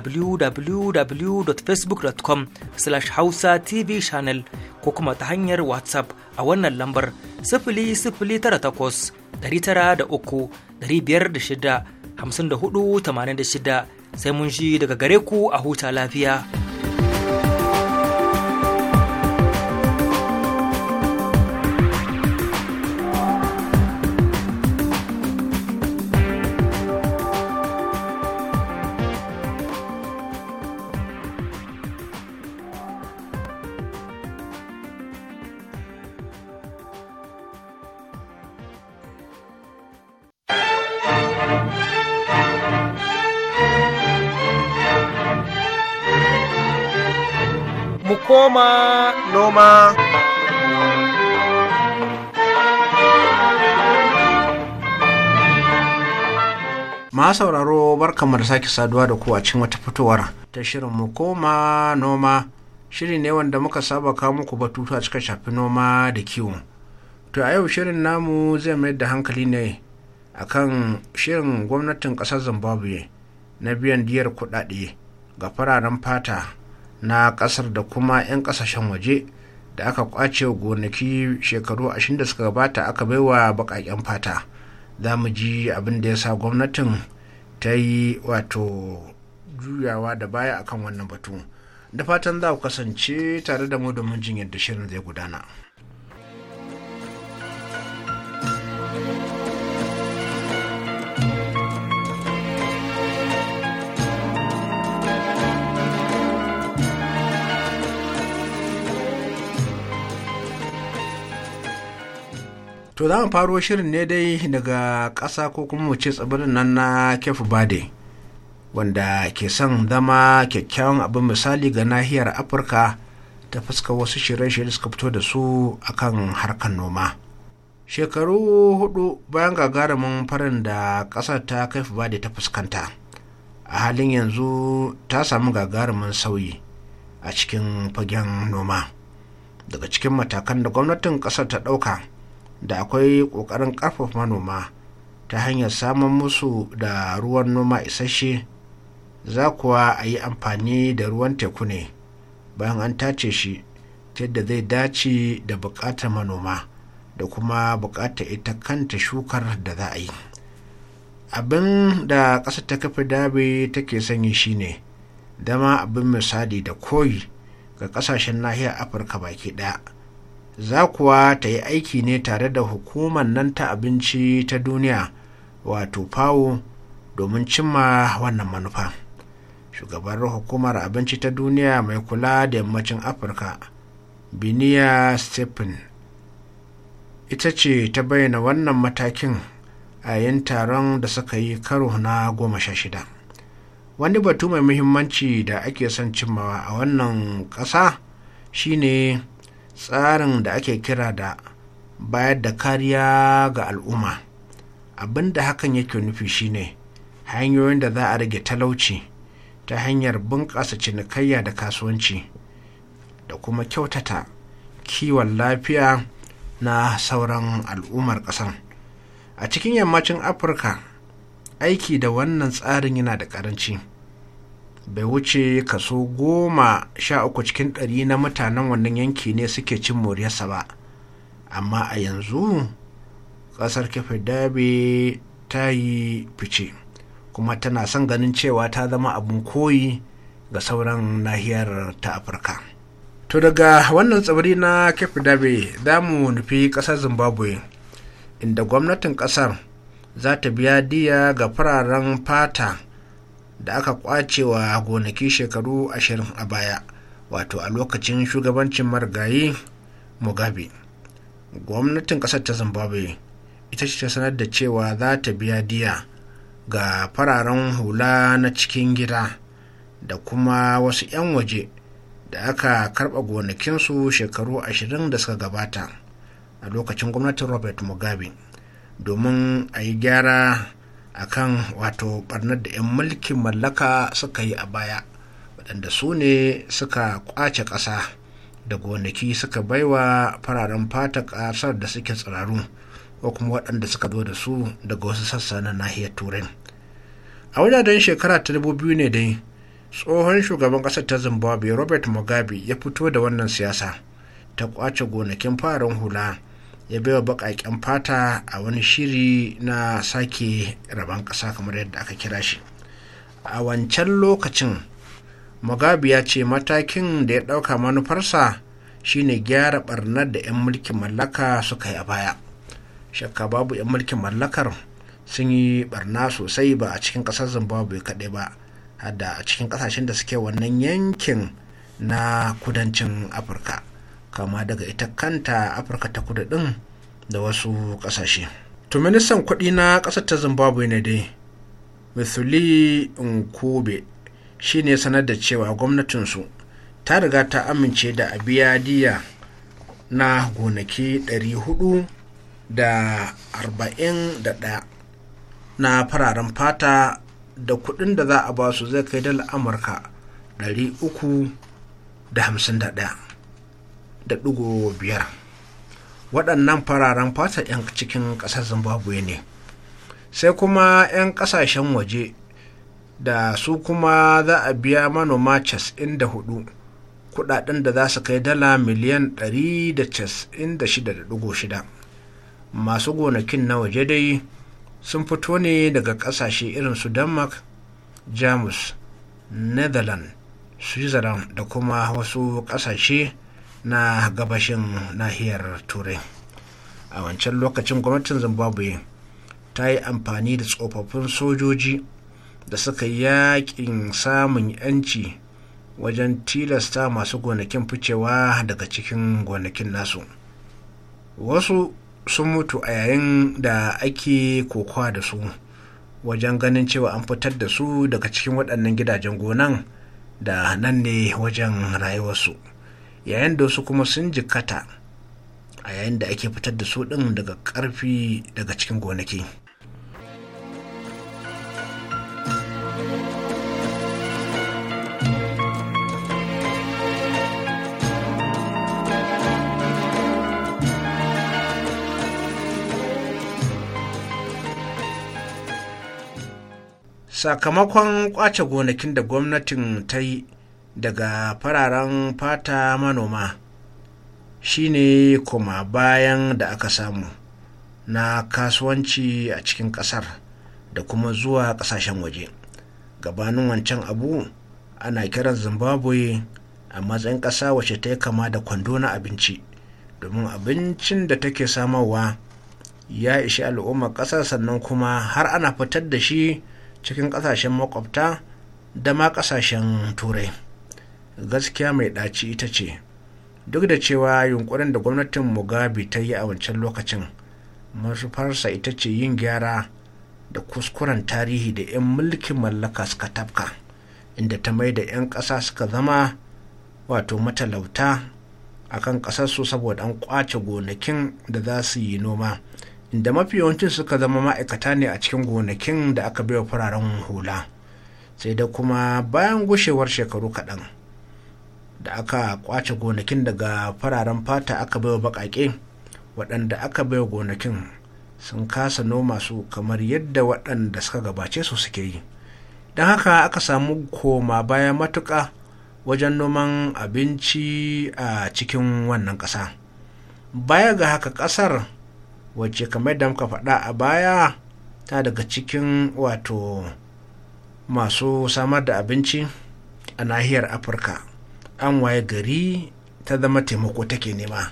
www.facebook.com slash hausa tv channel ko kuma ta hanyar whatsapp a wannan lambar sifili sifili da takwas tara uku biyar shida hamsin da hudu sai mun ji daga gare ku a huta lafiya. noma noma. Ma sauraro barkanmu da sake saduwa da ku a cikin wata fitowar ta shirin mu koma noma shiri ne wanda muka saba kawo muku batutu a cika shafi noma da kiwo. To a yau shirin namu zai mai da hankali ne a kan shirin gwamnatin ƙasar Zimbabwe na biyan diyar kuɗaɗe ga fararen fata na kasar da kuma 'yan kasashen waje da aka kwace gonaki shekaru ashirin da suka gabata aka baiwa baƙaƙen fata za mu ji abin da ya sa gwamnatin ta yi wato juyawa da baya akan wannan batu da fatan za ku kasance tare da mu domin jin yadda shirin zai gudana. to za mu faro shirin ne dai daga ƙasa ko kuma mu ce tsibirin nan na kefu bade wanda ke son zama kyakkyawan abin misali ga nahiyar afirka ta fuska wasu shirye-shirye suka fito da su akan harkar noma shekaru hudu bayan gagarumin farin da ƙasar ta kefu bade ta fuskanta a halin yanzu ta samu gagarumin sauyi a cikin fagen noma daga cikin matakan da gwamnatin ƙasar ta ɗauka da akwai ƙoƙarin ƙarfafa manoma ta hanyar samun musu da ruwan noma isasshe za kuwa a yi amfani da ruwan teku ne bayan an tace shi ta zai dace da buƙatar manoma da kuma buƙatar ita kanta shukar da za a yi abin da ƙasa ta kafa dabe take sanyi shine dama abin misali da koyi ga ƙasashen nahiyar afirka baki ɗaya za kuwa ta yi aiki ne tare da hukumar nan ta abinci ta duniya wato fawo domin cimma wannan manufa shugabar hukumar abinci ta duniya mai kula da yammacin afirka biniya stephen ita ce ta bayyana wannan matakin a yin taron da suka yi karo na goma sha shida wani batu mai muhimmanci da ake son cimmawa a wannan ƙasa shine tsarin da ake kira da bayar da kariya ga al'umma abin da hakan yake nufi shine hanyoyin da za a rage talauci ta hanyar bunƙasa cinikayya da kasuwanci da kuma kyautata kiwon lafiya na sauran al'ummar ƙasar a cikin yammacin afirka aiki da wannan tsarin yana da ƙaranci. bai wuce kaso goma sha uku cikin ɗari na mutanen wannan yanki ne suke cin moriyarsa ba amma a yanzu ƙasar kafa dabe ta yi fice kuma tana son ganin cewa ta zama abin koyi ga sauran nahiyar ta afirka to daga wannan tsibiri na kafa dabe za mu nufi ƙasar zimbabwe inda gwamnatin ƙasar za ta biya diya ga fararen fata da aka wa gonaki shekaru ashirin a baya wato a lokacin shugabancin marigayi mugabe gwamnatin kasar ta zimbabwe ita ce ta sanar da cewa za ta biya diya ga fararen hula na cikin gida da kuma wasu 'yan waje da aka karba gonakinsu shekaru ashirin da suka gabata a lokacin gwamnatin robert mugabe domin a yi gyara akan wato barnar da 'yan mulkin mallaka suka yi a baya waɗanda su ne suka kwace ƙasa da gonaki suka baiwa fararen fata ƙasar da suke tsiraru ko kuma waɗanda suka zo da su daga wasu sassa na nahiyar turai a wajen shekara ta dubu biyu ne dai tsohon shugaban ƙasar ta zimbabwe robert mugabe ya fito da wannan siyasa ta kwace gonakin fararen hula ya baiwa baƙaƙen fata a wani shiri na sake rabon ƙasa kamar yadda aka kira shi a wancan lokacin mugabe ya ce matakin da ya ɗauka manufarsa shine gyara barnar da 'yan mulkin mallaka suka yi a baya shakka babu 'yan mulkin mallakar sun yi barna sosai ba a cikin ƙasar zimbabwe kaɗai ba hada a cikin ƙasashen da suke wannan yankin na kudancin afirka kama daga ita kanta afirka ta kudu ɗin da wasu kasashe. to ministan kuɗi na ƙasar ta zimbabwe ne dai mithuli nkube shi sanar da cewa gwamnatinsu ta riga ta amince da a biya diya na gonaki 441 na fararen fata da kuɗin da za a ba su zai kai dala amurka 351 da ɗugo biyar waɗannan fararen fata 'yan cikin ƙasar zimbabwe ne sai kuma 'yan ƙasashen waje da su kuma za a biya manoma cas inda hudu kudaden da za su kai dala miliyan 196.6 masu gonakin na waje dai sun fito ne daga ƙasashe irin su denmark jamus netherlands switzerland da kuma wasu ƙasashe. na gabashin nahiyar turai a wancan lokacin gwamnatin zimbabwe ta yi amfani da tsofaffin sojoji da suka yakin samun yanci wajen tilasta masu gonakin ficewa daga cikin gonakin nasu wasu sun mutu a yayin da ake kokowa da su wajen ganin cewa an fitar da su daga cikin waɗannan gidajen gonan da nan ne wajen rayuwarsu yayin da wasu kuma sun jikata a yayin da ake fitar da su ɗin daga ƙarfi daga cikin gonaki sakamakon kwace gonakin da gwamnatin ta yi daga fararen fata manoma shine koma bayan da aka samu na kasuwanci a cikin ƙasar da kuma zuwa ƙasashen waje gabanin wancan abu ana kiran zimbabwe a matsayin ƙasa wace ta yi kama da kwando na abinci domin abincin da take samarwa ya ishi al'ummar ƙasar sannan kuma har ana fitar da shi cikin ƙasashen makwabta da ma ƙasashen turai gaskiya mai ɗaci ita ce duk da cewa yunkurin da gwamnatin mugabe ta yi a wancan lokacin manufarsa ita ce yin gyara da kuskuren tarihi da 'yan mulkin mallaka suka tafka inda ta mai da 'yan ƙasa suka zama wato matalauta a kan ƙasarsu saboda an ƙwace gonakin da za su yi noma inda mafi yawancin suka zama ma'aikata ne a cikin gonakin da aka baiwa fararen hula sai da kuma bayan gushewar shekaru kaɗan da aka kwace gonakin daga fararen fata aka baiwa baƙaƙe waɗanda aka baiwa gonakin sun kasa noma su kamar yadda waɗanda suka gabace su suke yi don haka aka samu koma baya matuƙa wajen noman abinci a cikin wannan ƙasa baya ga haka ƙasar wacce kamar da muka faɗa a baya ta daga cikin wato masu samar da abinci a nahiyar afirka an waye gari ta zama taimako take nema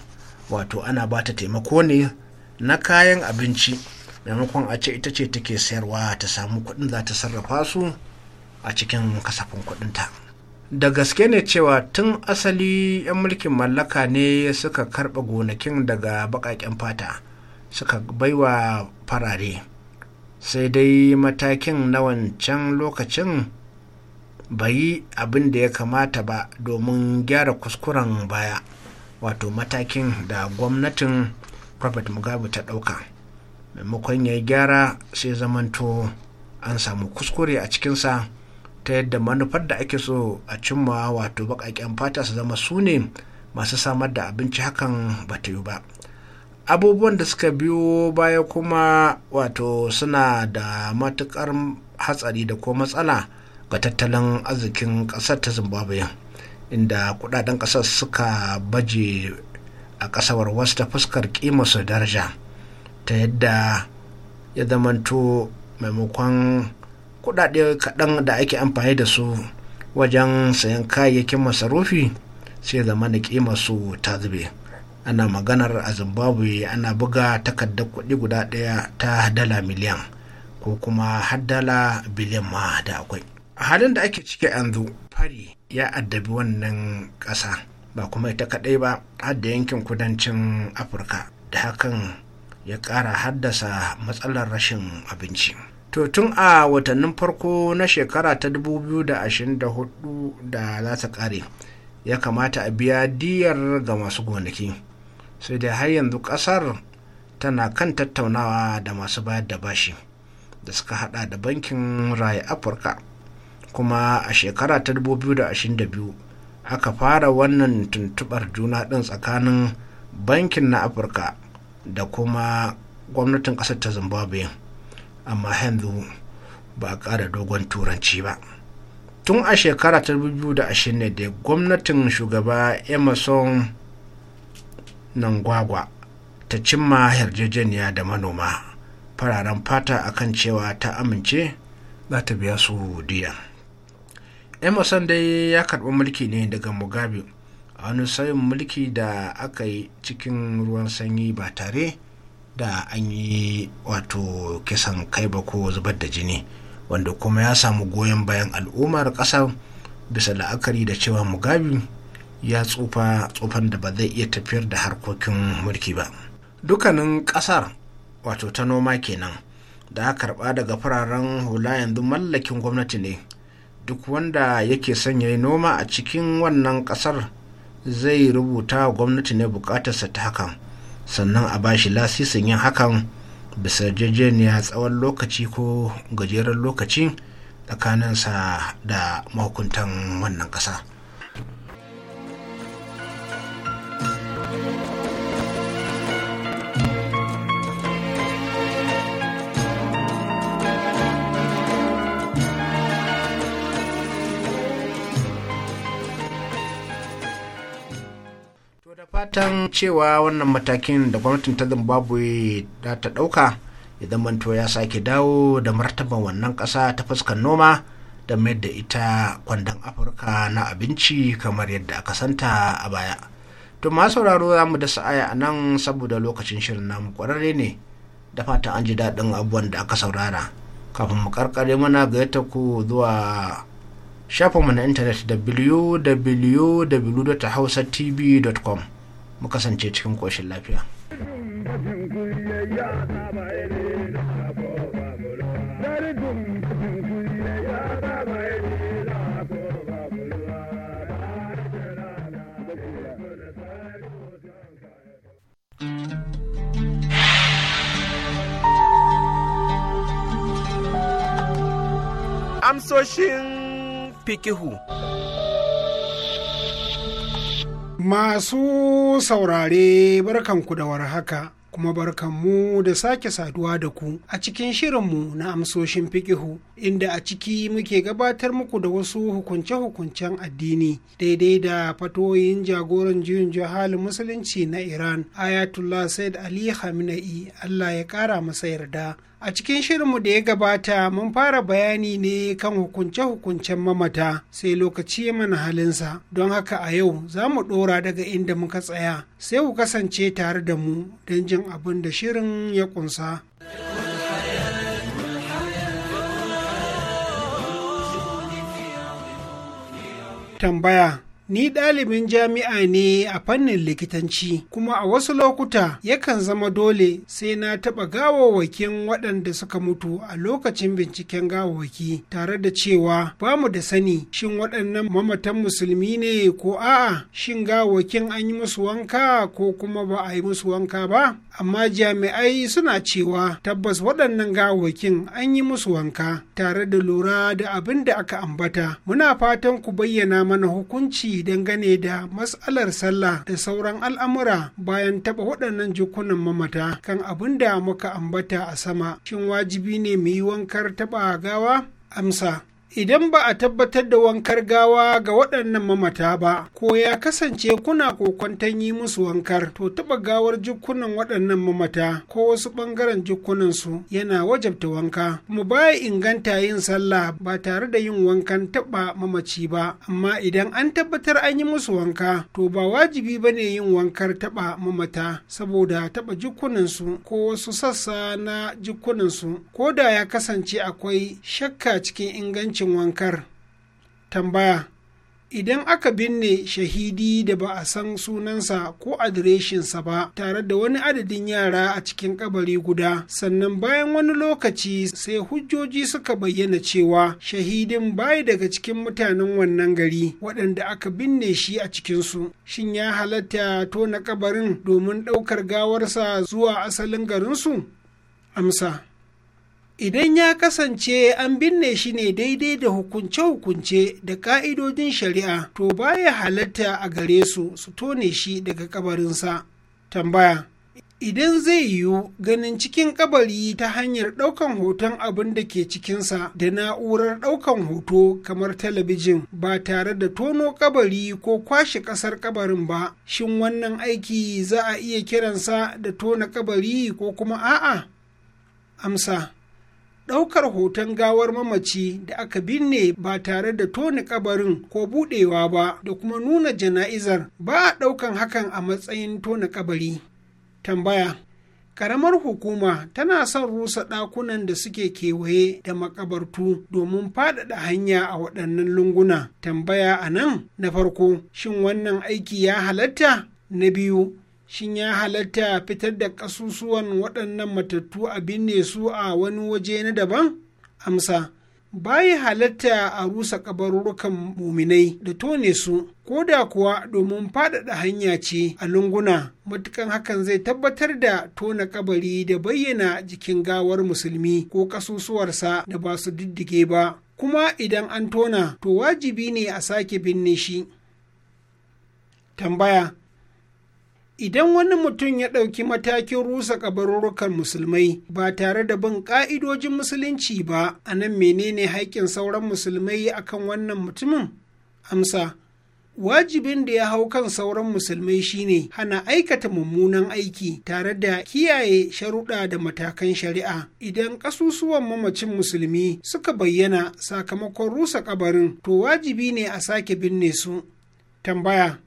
wato ana ba ta taimako ne na kayan abinci maimakon a ce ita ce take sayarwa ta samu kuɗin za ta sarrafa su a cikin kasafin kuɗinta da gaske ne cewa tun asali 'yan mulkin mallaka ne suka karɓa gonakin daga baƙaƙen fata suka baiwa farare sai dai matakin na wancan lokacin bai yi abin da ya kamata ba domin gyara kuskuren baya wato matakin da gwamnatin prophet mugabe ta ɗauka maimakon ya gyara sai zamanto an samu kuskure a cikinsa ta yadda manufar da ake so a cimma wato baƙaƙen fata su zama su ne masu samar da abinci hakan ba ta yi ba abubuwan da suka biyo baya kuma wato suna da matuƙar hatsari da ko matsala ga tattalin arzikin ƙasar ta zimbabwe inda kudaden ƙasar suka baje a ƙasar wasu ta fuskar su daraja ta yadda ya zamanto maimakon kudade kaɗan da ake amfani da su wajen sayan kayayyakin masarufi sai zama da su ta zube ana maganar a zimbabwe ana buga takardar kuɗi guda ɗaya ta dala miliyan ko kuma har dala biliyan ma da akwai A halin da ake ciki yanzu fari ya addabi wannan ƙasa ba kuma ita kaɗai ba har yankin kudancin afirka da hakan ya ƙara haddasa matsalar rashin abinci to tun a watannin farko na shekara ta 2024 da za ta ƙare ya kamata a biya diyar ga masu gonaki sai da har yanzu ƙasar tana kan tattaunawa da masu bayar da bashi da suka hada da bankin raya afirka kuma a shekara ta 2022 aka fara wannan tuntubar juna ɗin tsakanin bankin na afirka da kuma gwamnatin ƙasar ta zimbabwe amma yanzu ba a ƙara dogon turanci ba tun a shekara ta 2020 da gwamnatin shugaba emerson nangwagwa ta cimma yarjejeniya da manoma fararen fata akan cewa ta amince za ta biya su diya. emerson dai ya karɓi mulki ne daga mugabe a wani sauyin mulki da aka yi cikin ruwan sanyi ba tare da an yi wato kisan kai ba ko zubar da jini wanda kuma ya samu goyon bayan al'ummar ƙasa bisa la'akari da cewa mugabe ya tsufa tsufan da ba zai iya tafiyar da harkokin mulki ba dukkanin ƙasar wato ta noma kenan da karɓa daga fararen hula yanzu mallakin gwamnati ne duk wanda yake son ya yi noma a cikin wannan ƙasar zai rubuta gwamnati ne bukatarsa ta hakan sannan a bashi lasisin yin hakan bisa jejeniya tsawon lokaci ko gajeren lokaci tsakaninsa da mahukuntan wannan ƙasa. fatan cewa wannan matakin da gwamnatin ta zimbabwe da ta ɗauka idan manto ya sake dawo da martaban wannan ƙasa ta fuskar noma da mayar da ita kwandon afirka na abinci kamar yadda aka santa a baya to ma sauraro za mu da sa'aya a nan saboda lokacin shirin namu kwararre ne da fatan an ji daɗin abubuwan da aka saurara kafin mu karkare mana gayyata ku zuwa shafinmu na intanet www.hausatv.com mu kasance cikin koshin lafiya. Amsoshin fikihu. Masu saurare barkanku da warhaka. kuma barkanmu da sake saduwa da ku a cikin shirinmu na amsoshin fikihu inda a ciki muke gabatar muku da wasu hukunce-hukuncen addini daidai da fatoyin jagoran juyin jihal musulunci na iran ayatullah said ali khamenei allah ya kara masa yarda A cikin shirinmu da ya gabata mun fara bayani ne kan hukunce-hukuncen mamata sai lokaci ya mana halinsa don haka a yau za mu ɗora daga inda muka tsaya sai ku kasance tare da mu don jin abin da shirin ya ƙunsa. Tambaya Ni ɗalibin jami'a ne a fannin likitanci, kuma a wasu lokuta yakan zama dole sai na taɓa gawawwakin waɗanda suka mutu a lokacin binciken gawawwaki tare da cewa ba mu da sani shin waɗannan mamatan musulmi ne ko a'a shin gawawwakin an yi musu wanka ko kuma ba a yi musu wanka ba. Amma jami'ai suna cewa tabbas waɗannan gawawwakin an yi musu wanka tare da lura da abin da aka ambata. Muna fatan ku bayyana mana hukunci Idan dangane da matsalar sallah da sauran al'amura bayan taɓa waɗannan jikunan mamata kan abin da muka ambata a sama shin wajibi ne mu yi wankar taɓa gawa amsa idan ba a tabbatar da wankar gawa ga waɗannan mamata ba ko ya kasance kuna kokwanton yi musu wankar to taɓa gawar jikunan waɗannan mamata ko wasu ɓangaren su yana wajabta wanka Kuma baya inganta yin sallah ba tare da yin wankan taɓa mamaci ba amma idan an tabbatar an yi musu wanka to ba wajibi ba ne yin wankar taɓa mamata saboda taɓa su ko wasu sassa na su ko da ya kasance akwai shakka cikin inganci hukuncin wankar tambaya idan aka binne shahidi da ba a san sunansa ko adireshinsa ba tare da wani adadin yara a cikin kabari guda sannan bayan wani lokaci sai hujjoji suka bayyana cewa shahidin bai daga cikin mutanen wannan gari waɗanda aka binne shi a cikinsu shin ya halatta tona kabarin domin ɗaukar gawarsa zuwa asalin garinsu amsa idan ya kasance an binne shi ne daidai da hukunce-hukunce da ka'idodin shari'a to baya halatta a gare su su tone shi daga kabarinsa tambaya idan zai yiwu ganin cikin kabari ta hanyar ɗaukan hoton abin da ke cikinsa da na'urar ɗaukan hoto kamar talabijin ba tare da tono kabari ko kwashe ƙasar kabarin ba shin wannan aiki za a iya kiransa da tona kabari ko kuma a'a amsa ɗaukar hoton gawar mamaci da aka binne ba tare da tona kabarin ko buɗewa ba da kuma nuna jana'izar ba a ɗaukan hakan a matsayin tona kabari tambaya karamar hukuma tana son rusa ɗakunan da suke kewaye da makabartu domin faɗaɗa hanya a waɗannan lunguna tambaya a nan na farko shin wannan aiki ya halatta na biyu shin ya halatta fitar da ƙasusuwan waɗannan matattu a binne su a wani waje na daban amsa bayi halatta a rusa kabarurukan muminai da tone su ko da kuwa domin faɗaɗa hanya ce a lunguna matukan hakan zai tabbatar da tona ƙabari da bayyana jikin gawar musulmi ko ƙasusuwarsa da ba su diddige ba kuma idan an tona to wajibi ne a sake binne shi tambaya idan wani mutum ya ɗauki matakin rusa kabarurrukan musulmai ba tare da bin ƙa'idojin musulunci ba a nan menene haƙƙin sauran musulmai akan wannan mutumin amsa wajibin da ya hau kan sauran musulmai shine hana aikata mummunan aiki tare da kiyaye sharuɗa da matakan shari'a idan ƙasusuwan mamacin musulmi suka bayyana sakamakon rusa ƙabarin, to wajibi ne a sake binne su tambaya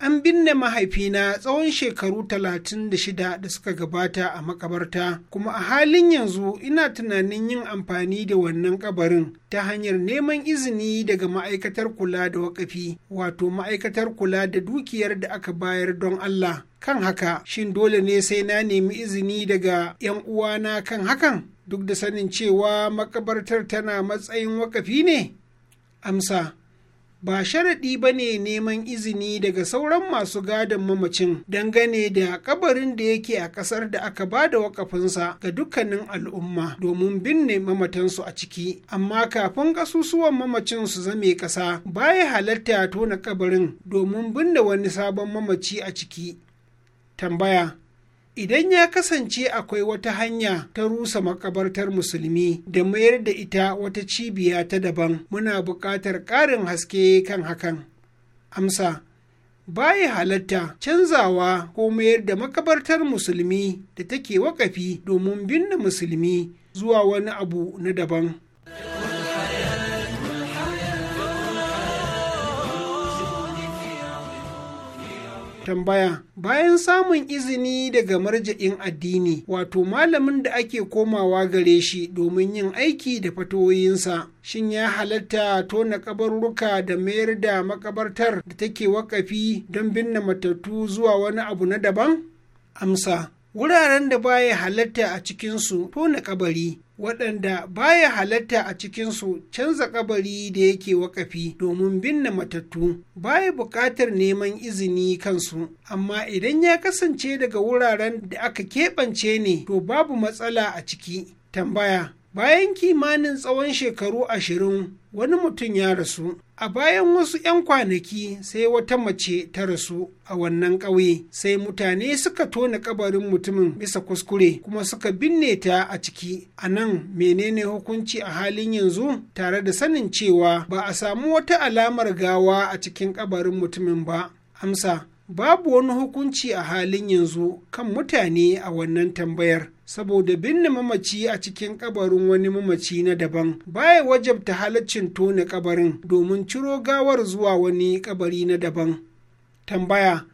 an binne mahaifina tsawon shekaru talatin da shida da suka gabata a makabarta kuma a halin yanzu ina tunanin yin amfani da wannan kabarin ta hanyar neman izini daga ma'aikatar kula da wakafi wato ma'aikatar kula da dukiyar da aka bayar don Allah kan haka shin dole ne sai na nemi izini daga 'yan uwana kan hakan duk da sanin cewa makabartar tana matsayin wakafi ne amsa ba sharaɗi ba ne neman izini daga sauran masu gadon mamacin dangane da kabarin da yake a ƙasar da aka ba da wakafinsa ga dukkanin al'umma domin binne mamatansu a ciki amma kafin ƙasusuwan mamacin su zame ƙasa baya halatta tona kabarin domin binne wani sabon mamaci a ciki tambaya idan ya kasance akwai wata hanya ta rusa makabartar musulmi da mayar da ita wata cibiya ta daban muna buƙatar ƙarin haske kan hakan amsa baya halatta canzawa ko mayar da makabartar musulmi da take wakafi domin binne musulmi zuwa wani abu na daban tambaya bayan samun izini daga marja'in addini wato malamin da ake komawa gare shi domin yin aiki da fatoyinsa shin ya halatta tona kabarruka da mayar da makabartar da take wakafi don binne matattu zuwa wani abu na daban amsa wuraren da baya halatta a cikinsu tona kabari waɗanda baya halatta a cikinsu canza kabari da yake wakafi domin binne matattu baya buƙatar neman izini kansu amma idan ya kasance daga wuraren da aka keɓance ne to babu matsala a ciki tambaya bayan kimanin tsawon shekaru ashirin wani mutum ya rasu a bayan wasu 'yan kwanaki sai wata mace ta rasu a wannan ƙauye sai mutane suka tona kabarin mutumin bisa kuskure kuma suka binne ta a ciki a nan menene hukunci a halin yanzu tare da sanin cewa ba a samu wata alamar gawa a cikin kabarin mutumin ba amsa babu wani hukunci a halin yanzu kan mutane a wannan tambayar saboda binne mamaci a cikin kabarin wani mamaci na daban baya wajabta halaccin tone kabarin domin ciro gawar zuwa wani kabari na daban tambaya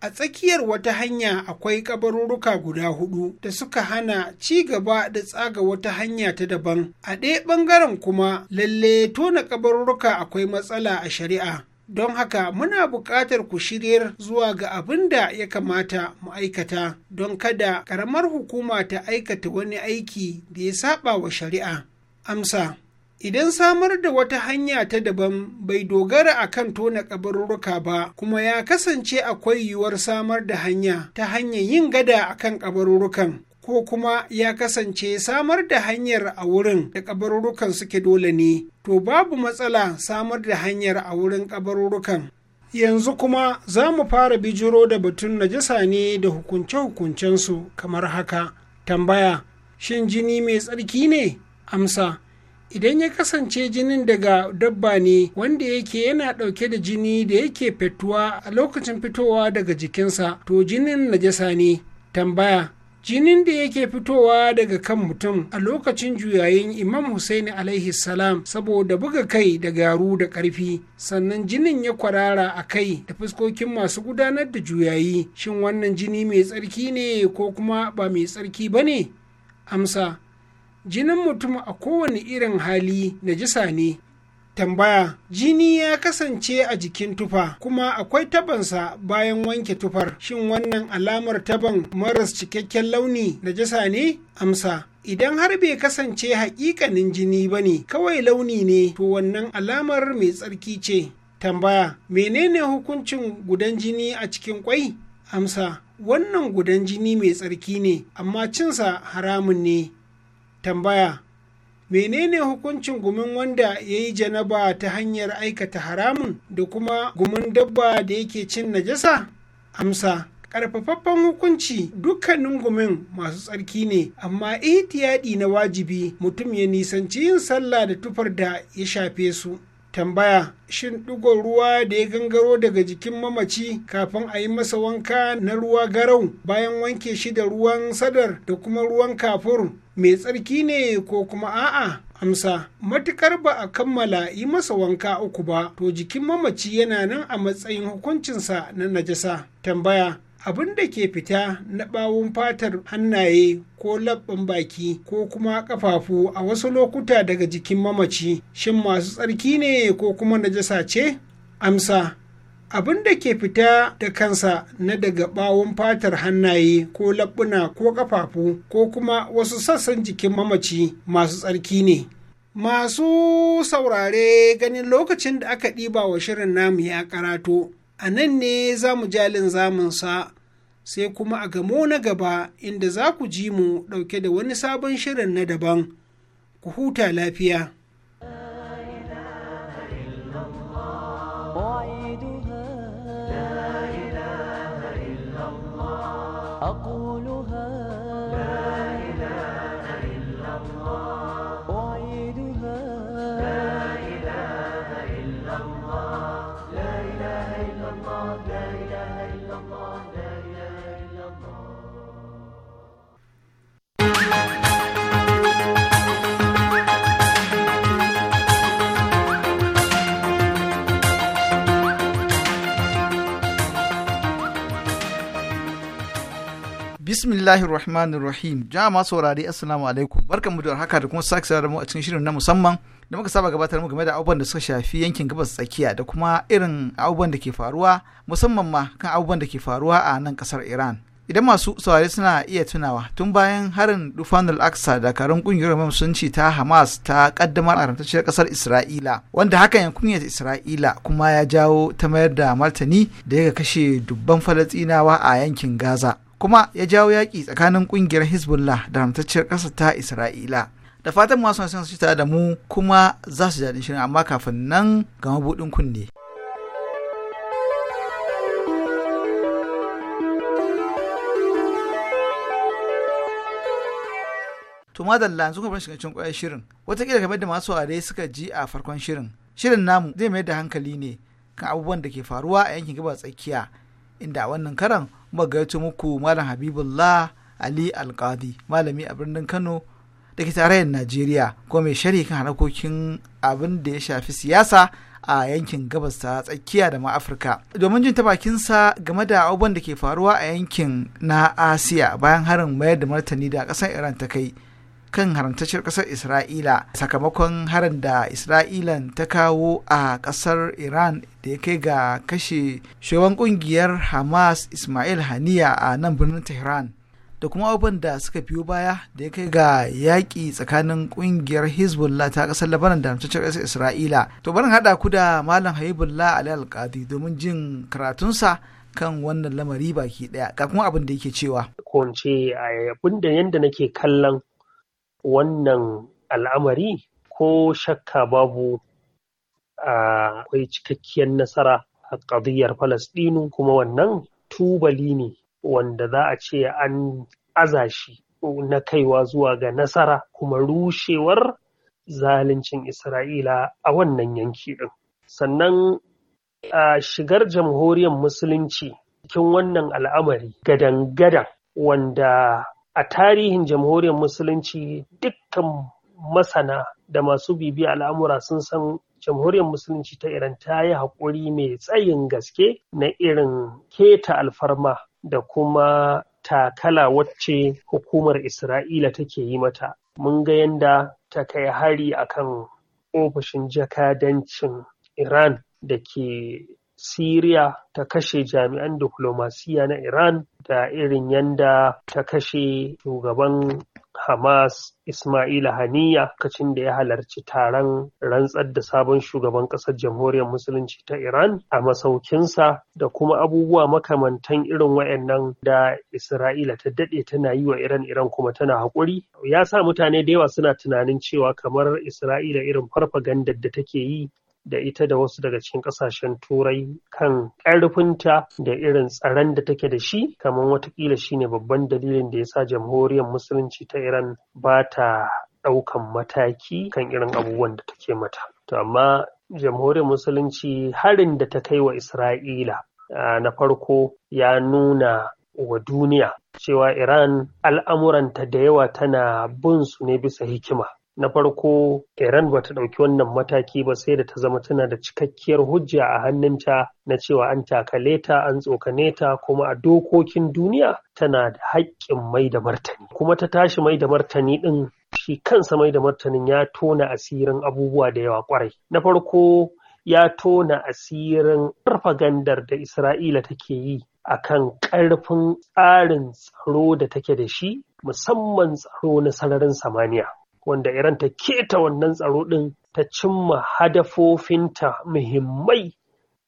a tsakiyar wata hanya akwai kabaruruka guda hudu da suka hana ci gaba da tsaga wata hanya ta daban a ɗaya ɓangaren kuma lalle tona kabaruruka akwai matsala a shari'a don haka muna buƙatar ku shiryar zuwa ga abin da ya kamata mu aikata don kada ƙaramar hukuma ta aikata wani aiki da ya saba wa shari'a amsa idan samar da wata hanya ta daban bai dogara a kan tona ƙabarurruka ba kuma ya kasance akwai yiwuwar samar da hanya ta hanyar yin gada a kan ko kuma ya kasance samar da hanyar a wurin da kabarurukan suke dole ne to babu matsala samar da hanyar a wurin kabarurukan yanzu kuma za mu fara bijiro da batun najasa ne da hukunce-hukuncensu kamar haka tambaya shin jini mai tsarki ne amsa idan ya kasance jinin daga dabba ne wanda yake yana ɗauke da jini da yake fetuwa a lokacin fitowa daga jikinsa to jinin najasa ne tambaya jinin da yake fitowa daga kan mutum a lokacin juyayin imam Hussaini alaihi salam saboda buga kai da garu da ƙarfi sannan jinin ya kwarara a kai da fuskokin masu gudanar da juyayi shin wannan jini mai tsarki ne ko kuma ba mai tsarki ba ne amsa jinin mutum a kowane irin hali na jisa ne Tambaya, jini ya kasance a jikin tufa kuma akwai tabansa bayan wanke tufar, shin wannan alamar taban maras cikakken launi najasa ne? Amsa, idan har bai kasance haƙiƙanin jini ba ne, kawai launi ne, to wannan alamar mai tsarki ce. Tambaya, menene hukuncin gudan jini a cikin kwai? Amsa, wannan gudan jini mai tsarki ne, amma cinsa haramun ne. Tambaya, menene hukuncin gumin wanda ya yi janaba ta hanyar aikata haramun da kuma gumin dabba da yake cin najasa amsa ƙarfafaffen hukunci dukkanin gumin masu tsarki ne amma ihtiyadi na wajibi mutum ya nisanci yin sallah da tufar da ya shafe su tambaya shin ɗigon ruwa da ya gangaro daga jikin mamaci kafin a yi masa wanka na ruwa garau bayan wanke shi da ruwan sadar da kuma ruwan kafur mai tsarki ne ko kuma a'a amsa matukar ba a kammala yi masa wanka uku ba to jikin mamaci yana nan a matsayin hukuncinsa na najasa tambaya abin da ke fita na bawon fatar hannaye ko labban baki ko kuma kafafu a wasu lokuta daga jikin mamaci shin masu tsarki ne ko kuma najasa ce amsa abin da ke fita da kansa na daga bawon fatar hannaye ko labbuna ko ƙafafu ko kuma wasu sassan jikin mamaci masu tsarki ne masu saurare ganin lokacin da aka ɗiba wa shirin namu ya karato a nan ne za mu jalin zamunsa sai kuma a gamo na gaba inda za ku ji mu ɗauke da wani sabon shirin na daban ku huta lafiya bismillahirrahmanirrahim Rahmanir Jama'a saurari Assalamu alaikum. Barkanmu da haka da kuma sake saurara mu a cikin shirin na musamman da muka saba gabatar mu game da abubuwan da suka shafi yankin gabas tsakiya da kuma irin abubuwan da ke faruwa musamman ma kan abubuwan da ke faruwa a nan kasar Iran. Idan masu saurari suna iya tunawa tun bayan harin Dufan al-Aqsa da karin kungiyar musulunci ta Hamas ta kaddamar haramtacciyar kasar Isra'ila wanda hakan ya kunyar Isra'ila kuma ya jawo ta mayar da martani da ya kashe dubban Falastinawa a yankin Gaza. kuma ya jawo yaƙi tsakanin ƙungiyar hezbollah da haramtacciyar ƙasa ta isra'ila da fatan masu son su tare da mu kuma za su jaɗin shirin amma kafin nan ga mabuɗin kunne. to madalla yanzu kuma shiga cikin shirin watakila game da masu saurare suka ji a farkon shirin shirin namu zai mayar da hankali ne kan abubuwan da ke faruwa a yankin gabas tsakiya inda a wannan karan magaito muku malam habibullah ali alkadi malami a birnin kano da ke tarayyar najeriya ko mai shari kan harkokin abin da ya shafi siyasa a yankin gabas ta tsakiya da ma afirka domin jin ta bakinsa game da abubuwan da ke faruwa a yankin na asiya bayan harin mayar da martani da ƙasar iran ta kai kan haramtacciyar ƙasar isra'ila sakamakon harin da isra'ilan ta kawo a ƙasar iran da ya kai ga kashe shugaban ƙungiyar hamas ismail haniya a nan birnin tehran da kuma abin da suka biyo baya da ya kai ga yaƙi tsakanin ƙungiyar hezbollah ta ƙasar labanan da haramtacciyar ƙasar isra'ila to barin haɗa ku da malam habibullah ali alƙadi domin jin karatunsa kan wannan lamari baki ɗaya ga kuma abin da yake cewa. Ko ce abin da yadda nake kallon wannan al'amari ko shakka babu akwai cikakkiyar nasara a ƙadiyar Falasɗinu kuma wannan tubali ne wanda za a ce an aza shi na kaiwa zuwa ga nasara kuma rushewar zaluncin Isra'ila a wannan yanki ɗin. Sannan a shigar jamhuriyar Musulunci cikin wannan al'amari gadan-gadan wanda a tarihin jamhuriyar musulunci dukkan masana da masu bibiya al'amura sun san jamhuriyar musulunci ta iran ta yi haƙuri mai tsayin gaske na irin keta alfarma da kuma takala wacce hukumar isra'ila take yi mata mun ga yadda ta kai hari akan ofishin jakadancin iran da ke Siriya ta kashe jami'an diflomasiyya na Iran da irin yanda ta kashe shugaban Hamas Ismaila Haniya kacin da ya halarci taron rantsar da sabon shugaban ƙasar jamhuriyar musulunci ta Iran a masaukinsa da kuma abubuwa makamantan irin wayannan da Isra'ila ta daɗe tana yi wa Iran Iran kuma tana haƙuri. Ya sa mutane da yawa suna tunanin cewa kamar Isra'ila irin farfagandar da take yi da ita da wasu daga cikin kasashen turai kan ƙarfinta da irin tsaron da take da shi kamar watakila shine babban dalilin da ya sa jamhuriyar musulunci ta iran ba ta ɗaukan mataki kan irin abubuwan da take mata to amma jamhuriyar musulunci harin da ta kai wa isra'ila na farko ya nuna wa duniya cewa iran al'amuranta da yawa tana bin su ne bisa hikima Na farko, Iran ba ta ɗauki wannan mataki ba sai da ta zama tana da cikakkiyar hujja a hannunta na cewa an takale ta, an tsokane ta, kuma a dokokin duniya tana da haƙƙin mai da martani. Kuma ta tashi mai da martani ɗin shi kansa mai da martanin ya tona asirin abubuwa da yawa kwarai. Na farko, ya tona asirin farfagandar da Isra'ila take yi akan ƙarfin tsarin tsaro da take da shi, musamman tsaro na sararin samaniya. wanda Iran ta keta wannan tsaro ɗin ta cimma hadafofinta muhimmai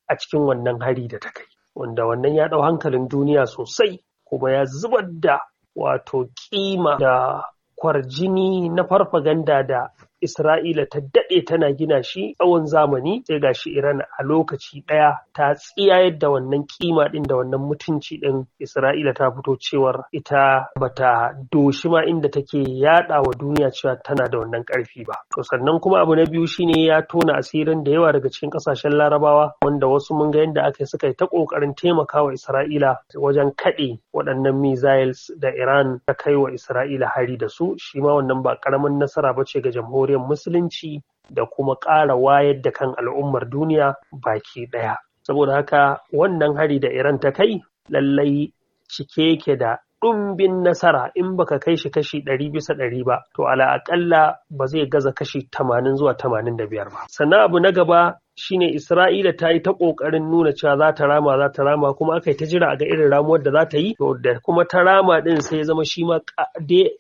a cikin wannan hari da ta kai. Wanda wannan ya ɗau hankalin duniya sosai kuma ya zubar da wato kima da kwarjini na farfaganda da Isra'ila ta daɗe tana gina shi tsawon zamani sai ga shi Iran a lokaci ɗaya ta tsiyayar da wannan kima ɗin da wannan mutunci ɗin Isra'ila ta fito cewar ita bata doshi ma inda take yaɗa wa duniya cewa tana da wannan ƙarfi ba. To sannan kuma abu na biyu shine ya tona asirin da yawa daga cikin ƙasashen Larabawa wanda wasu mun ga yadda aka suka yi ta ƙoƙarin taimakawa Isra'ila wajen kaɗe waɗannan missiles da Iran ta kai wa Isra'ila hari da su shi ma wannan ba ƙaramin nasara ba ce ga jamhuriyar jamhuriyar musulunci da kuma ƙara wayar da kan al'ummar duniya baki ɗaya. Saboda haka wannan hari da Iran ta kai lallai cike yake da ɗumbin nasara in baka kai shi kashi ɗari bisa ɗari ba to ala aƙalla ba zai gaza kashi tamanin zuwa tamanin da biyar ba. Sannan abu na gaba shine Isra'ila ta yi ta ƙoƙarin nuna cewa za ta rama za ta rama kuma aka yi ta jira ga irin ramuwar da za ta yi kuma ta rama din sai zama shi ma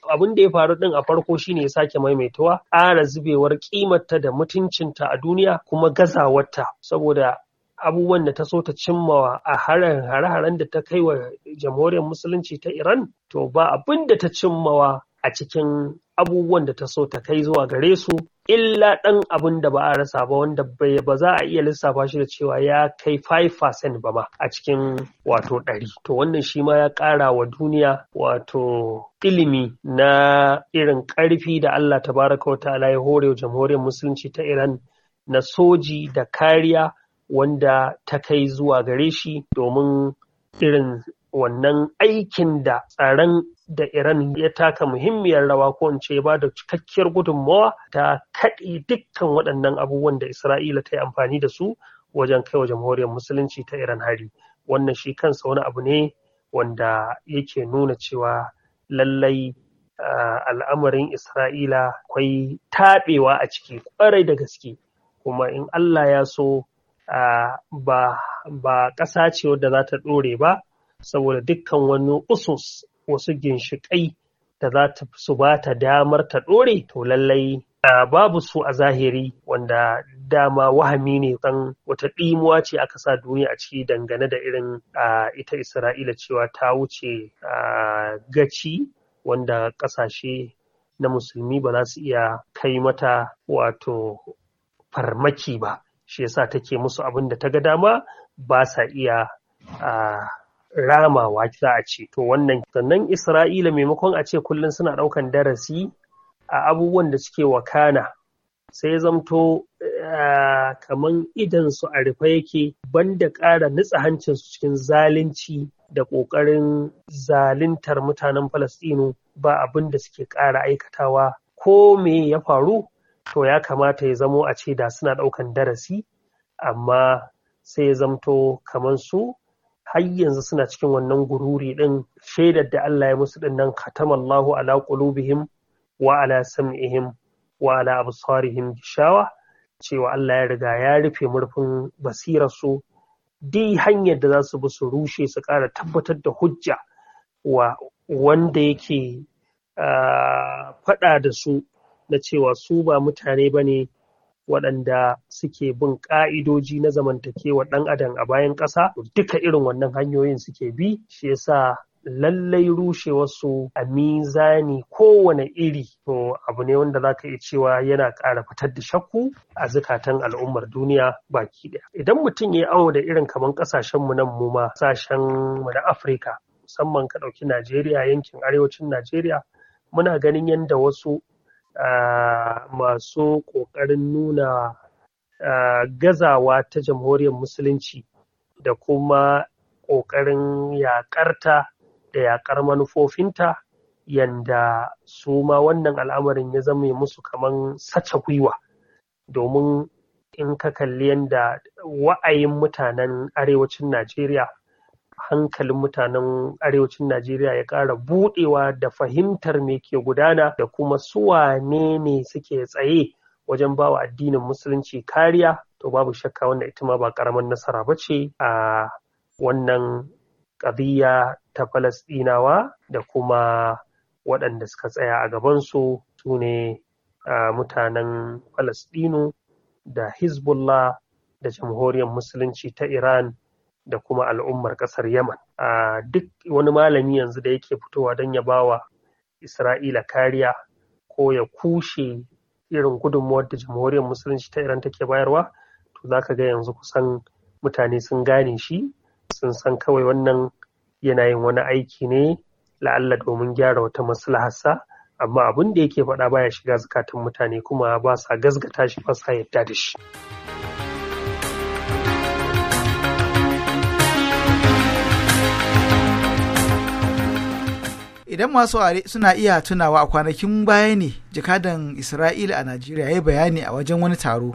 abin da ya faru din a farko shine ya sake maimaituwa ƙara zubewar ƙimarta da mutuncinta a duniya kuma gazawarta saboda abubuwan da ta so ta cimmawa a harin hare-haren da ta kai wa jamhuriyar musulunci ta Iran to ba abin da ta cimmawa a cikin abubuwan da ta so ta kai zuwa gare su illa ɗan abin da ba a rasa ba wanda ba za a iya lissafa shi da cewa ya kai 5% ba ma a cikin wato ɗari. To wannan shi ma ya ƙara wa duniya wato ilimi na irin ƙarfi da Allah ta wa ta'ala ya horewa jamhuriyar musulunci ta Iran na soji da kariya wanda ta kai zuwa gare shi domin irin wannan aikin da tsaron da Iran ya taka muhimmiyar rawa ko in ce ba da cikakkiyar gudunmawa ta kaɗi dukkan waɗannan abubuwan da Isra'ila ta yi amfani da su wajen kai wa jamhuriyar musulunci ta Iran hari. Wannan shi kansa wani abu ne wanda yake nuna cewa lallai al'amarin Isra'ila akwai taɓewa a ciki ƙwarai da gaske kuma in Allah ya so ba ƙasa ce wadda za ta ɗore ba saboda dukkan wani usus wasu ginshiƙai da za su ba ta damar ta ɗore to lallai a babu su a zahiri wanda dama wahami ne kan wata ɗimuwa ce aka sa duniya a ciki dangane da irin ita isra'ila cewa ta wuce gaci wanda ƙasashe na musulmi ba za su iya kai mata wato farmaki ba shi yasa take musu abin da ta ga dama ba sa iya ramawa za a ce to wannan sannan isra'ila maimakon a ce kullum suna ɗaukan darasi a abubuwan da suke wakana sai zamto eh, kaman idansu a rufe yake banda ƙara nutsa hancinsu cikin zalunci da ƙoƙarin zaluntar mutanen Falastinu, ba abin da suke ƙara aikatawa ko me ya faru to ya kamata ya zamo a ce da suna ɗaukan darasi amma sai ya zamto kaman su har yanzu suna cikin wannan gururi ɗin shaidar da Allah ya musu dinnan khatamallahu ala qulubihim wa ala sam'ihim wa ala absarihim gishawa cewa Allah ya riga ya rufe murfin basirar su dai hanyar da za su bi su rushe su ƙara tabbatar da hujja wa wanda yake ah, faɗa da su na cewa su ba mutane bane waɗanda suke bin ƙa'idoji na zamantakewa ɗan adam a bayan ƙasa duka irin wannan hanyoyin suke bi shi yasa lallai rushe wasu a mizani kowane iri to abu ne wanda za ka iya cewa yana ƙara fitar da shakku a zukatan al'ummar duniya baki ɗaya idan mutum ya awo da irin kamar ƙasashenmu nan mu ma ƙasashenmu na afirka musamman ka ɗauki najeriya yankin arewacin najeriya muna ganin yadda wasu masu ƙoƙarin nuna gazawa ta jamhuriyar musulunci da kuma ƙoƙarin yaƙarta da yaƙar manufofinta yanda su ma wannan al'amarin ya zame musu kaman sace gwiwa domin in ka kalli yanda wa'ayin mutanen arewacin najeriya hankalin mutanen arewacin Najeriya ya ƙara buɗewa da fahimtar me ke gudana da kuma su wanene ne suke tsaye wajen bawa addinin musulunci kariya to babu shakka wannan ita ma ba ƙaramin nasara ba ce a wannan ƙadiyya ta Falasɗinawa da kuma waɗanda suka tsaya a gabansu su ne mutanen Falasɗinu da Hezbollah da Jamhuriyar Musulunci ta Iran da kuma al'ummar ƙasar Yaman. A duk wani malami yanzu da yake fitowa don ya bawa Isra'ila kariya ko ya kushe irin gudunmuwar da jamhuriyar musulunci ta Iran take bayarwa, to za ka ga yanzu kusan mutane sun gane shi, sun san kawai wannan yana yin wani aiki ne la'alla domin gyara wata maslaharsa, amma abin da yake faɗa baya shiga zukatan mutane kuma ba sa gazgata shi ba sa yadda da shi. idan masu ware suna iya tunawa a kwanakin baya ne jakadan isra'ila a najeriya ya yi bayani a wajen wani taro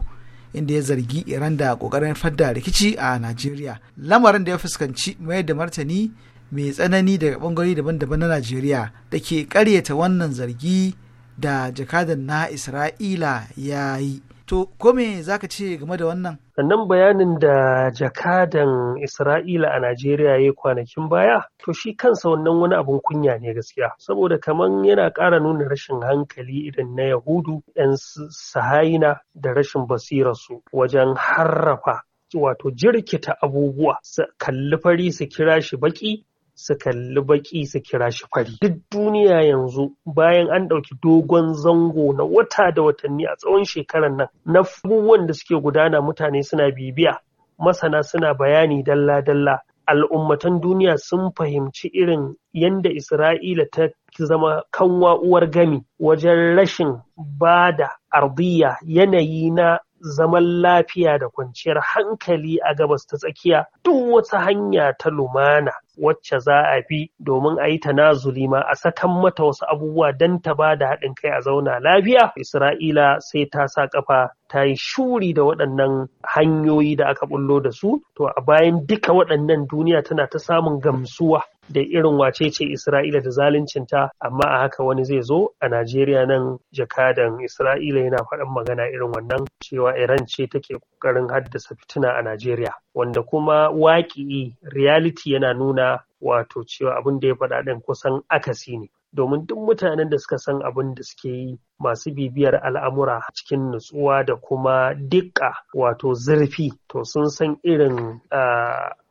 inda ya zargi iran da kokarin fadda rikici a najeriya lamarin da ya fuskanci mai da martani mai tsanani daga ɓangare daban-daban na najeriya da ke karyata wannan zargi da jakadan na isra'ila ya yi To, kome za ka ce game da wannan? Sannan bayanin da jakadan Isra'ila a Najeriya ya yi kwanakin baya, to shi kansa wannan wani abin kunya ne gaskiya. Saboda kaman yana ƙara nuna rashin hankali idan na Yahudu ‘yan sahaina da rashin basirarsu wajen harrafa wato jirkita abubuwa su kalli fari su kira shi baki su kalli baƙi su kira shi fari. Duk duniya yanzu bayan an ɗauki dogon zango na wata da watanni a tsawon shekaran nan na abubuwan da suke gudana mutane suna bibiya masana suna bayani dalla-dalla al'ummatan duniya sun fahimci irin yadda Isra'ila ta zama kanwa uwar gami wajen rashin ba da ardiya yanayi na zaman lafiya da kwanciyar hankali a gabas ta tsakiya duk wata hanya ta lumana wacce za a bi domin a yi tanazuli ma a sakan mata wasu abubuwa don ta ba da haɗin kai a zauna lafiya isra'ila sai ta sa ƙafa ta yi shuri da waɗannan hanyoyi da aka bullo da su to a bayan duka waɗannan duniya tana ta samun gamsuwa da irin wace ce isra'ila da zaluncinta amma a haka wani zai zo a najeriya nan jakadan isra'ila yana faɗin magana irin wannan cewa iran ce take ƙoƙarin haddasa fitina a najeriya wanda kuma waƙi reality yana nuna wato cewa abin da ya faɗa ɗin kusan akasi ne domin duk mutanen da suka san abin da suke yi masu bibiyar al'amura cikin nutsuwa da kuma dikka wato zurfi to sun san irin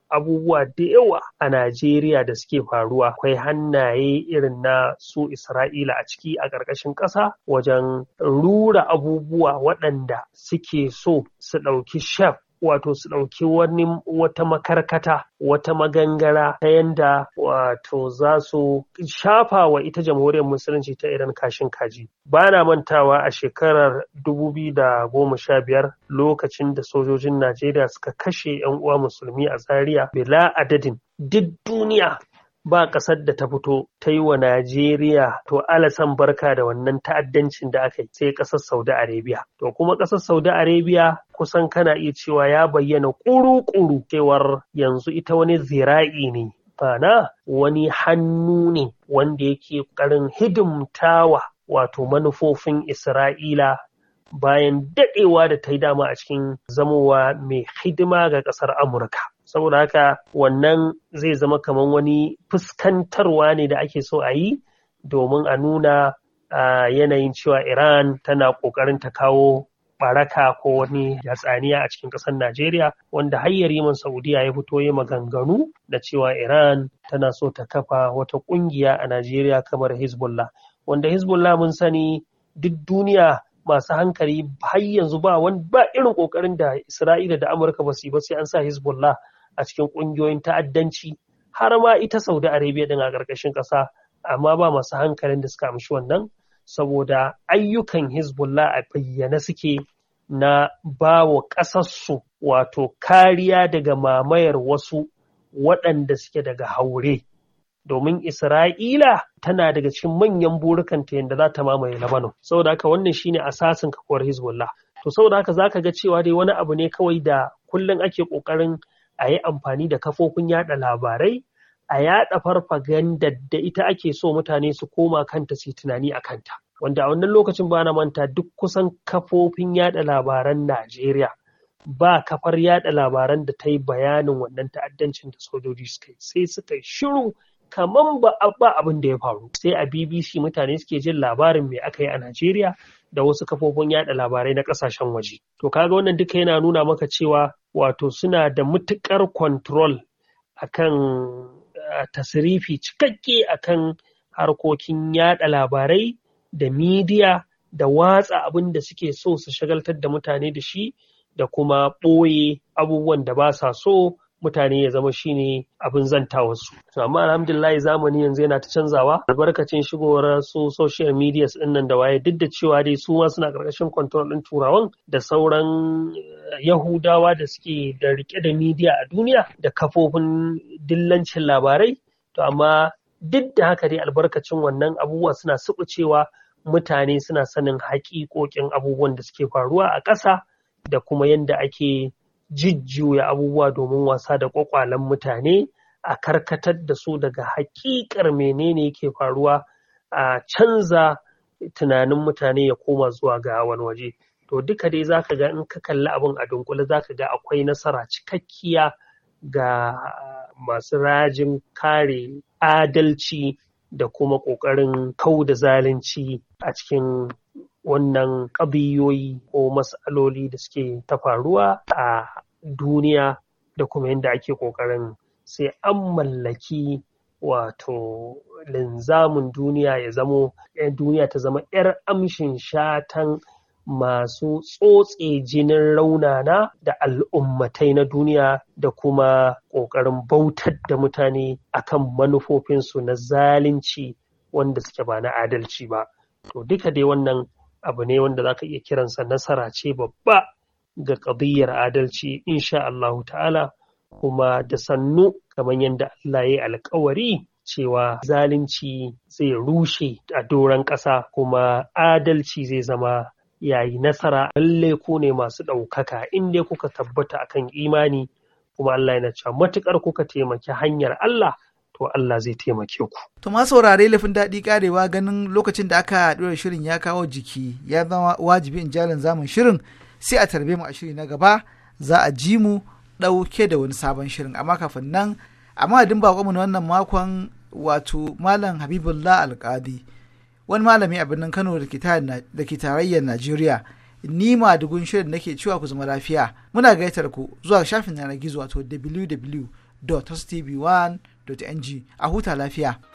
abubuwa da yawa a Najeriya da suke faruwa akwai hannaye irin na su Isra'ila a ciki a ƙarƙashin ƙasa wajen rura abubuwa waɗanda suke so su ɗauki shaf wato su ɗauki wani wata makarkata wata magangara ta yanda wato za su shafa wa ita jamhuriyar musulunci ta iran kashin kaji ba na mantawa a shekarar 2015 lokacin da sojojin najeriya suka kashe 'yan uwa musulmi a zaria bila adadin duk duniya Ba ƙasar da ta fito ta yi wa Najeriya to alasan barka da wannan ta'addancin da aka yi sai ƙasar Saudi Arabia. To kuma ƙasar Saudi Arabia kusan kana iya cewa ya bayyana ƙuru-ƙuru cewar yanzu ita wani zira'i ne. Fana wani hannu ne wanda yake ƙarin hidimtawa wato manufofin Isra'ila bayan daɗewa da ta yi dama a cikin zamowa mai hidima ga ƙasar Amurka. Saboda haka wannan zai zama kamar wani fuskantarwa ne da ake so a yi domin a nuna yanayin cewa Iran tana ƙoƙarin ta kawo baraka ko wani yatsaniya a cikin ƙasar Najeriya wanda hayyar yariman Saudiya ya fito yi maganganu da cewa Iran tana so ta kafa wata ƙungiya a Najeriya kamar Hezbollah. Wanda Hezbollah mun sani duk duniya masu hankali har yanzu ba wani ba irin kokarin da Isra'ila da Amurka ba su yi ba sai an sa Hezbollah a cikin kungiyoyin ta'addanci har ma ita Saudi Arabia din a ƙarƙashin ƙasa amma ba masu hankalin da suka amshi wannan saboda ayyukan Hezbollah a bayyane suke na ba wa ƙasarsu wato kariya daga mamayar wasu waɗanda suke daga haure domin Isra'ila tana daga cikin manyan burukanta yadda za ta mamaye Lebanon. Saboda haka wannan shine asasin kakuwar Hezbollah. To saboda haka ka ga cewa dai wani abu ne kawai da kullum ake ƙoƙarin a yi amfani da kafofin yada labarai a yada farfaganda da ita ake so mutane su koma kanta su tunani a kanta. Wanda a wannan lokacin ba na manta duk kusan kafofin yada labaran Najeriya ba kafar yada labaran da ta yi bayanin wannan ta'addancin da sojoji suka yi sai suka shiru kaman ba abin da ya faru sai a bbc mutane suke jin labarin mai aka yi a najeriya da wasu kafofin yada labarai na kasashen waje to kaga wannan duka yana nuna maka cewa wato suna da matukar control akan tasrifi cikakke akan harkokin yada labarai da midiya da watsa abin da suke so su shagaltar da mutane da shi da kuma ɓoye abubuwan da ba sa so mutane ya zama shi ne abin zanta wasu. to amma alhamdulillah zamani yanzu yana ta canzawa albarkacin shigowar su social media din nan da waye duk da cewa dai su ma suna karkashin control din turawan da sauran eh, yahudawa da suke da rike da media a duniya da kafofin dillancin labarai to amma duk da haka dai albarkacin wannan abubuwa suna suɓucewa mutane suna sanin haƙiƙoƙin abubuwan da suke faruwa a ƙasa da kuma yadda ake jijjuya abubuwa domin wasa da kwakwalen mutane a karkatar da su daga haƙiƙar menene yake faruwa a canza tunanin mutane ya koma zuwa ga wani waje to duka dai za ka ga in ka kalli abin a dunkule za ka ga akwai nasara cikakkiya ga masu rajin kare adalci da kuma ƙoƙarin kau da zalunci a cikin wannan ƙabiyoyi ko matsaloli da suke ta faruwa a duniya da kuma yadda ake ƙoƙarin sai an mallaki wato linzamin duniya ya zamo eh, duniya ta zama 'yar amshin shatan masu tsotse jinin raunana da al'ummatai na duniya da kuma ƙoƙarin bautar da mutane akan manufofinsu na zalunci wanda suke ba na adalci ba to duka dai wannan abu ne wanda za ka iya kiransa nasara ce babba ga ƙadiyyar adalci insha Allahu ta'ala kuma da sannu kamar yadda Allah ya yi alkawari cewa zalunci zai rushe a doron ƙasa kuma adalci zai zama yayi nasara lalle ku ne masu ɗaukaka in dai kuka tabbata akan imani kuma Allah yana cewa matuƙar kuka taimaki hanyar Allah to Allah zai taimake ku. To ma saurare lafin daɗi karewa ganin lokacin da aka ɗora shirin ya kawo jiki ya zama wajibi in jalan zamun shirin sai a tarbe mu a shiri na gaba za a ji mu ɗauke da wani sabon shirin amma kafin nan amma din baƙon mu na wannan makon wato malam Habibullah Alƙadi wani malami a birnin Kano da ke tarayyar Najeriya. ni ma dugun shirin nake cewa ku zama lafiya muna gaitar ku zuwa shafin yanar gizo wato www.tv1 www.ng a huta lafiya.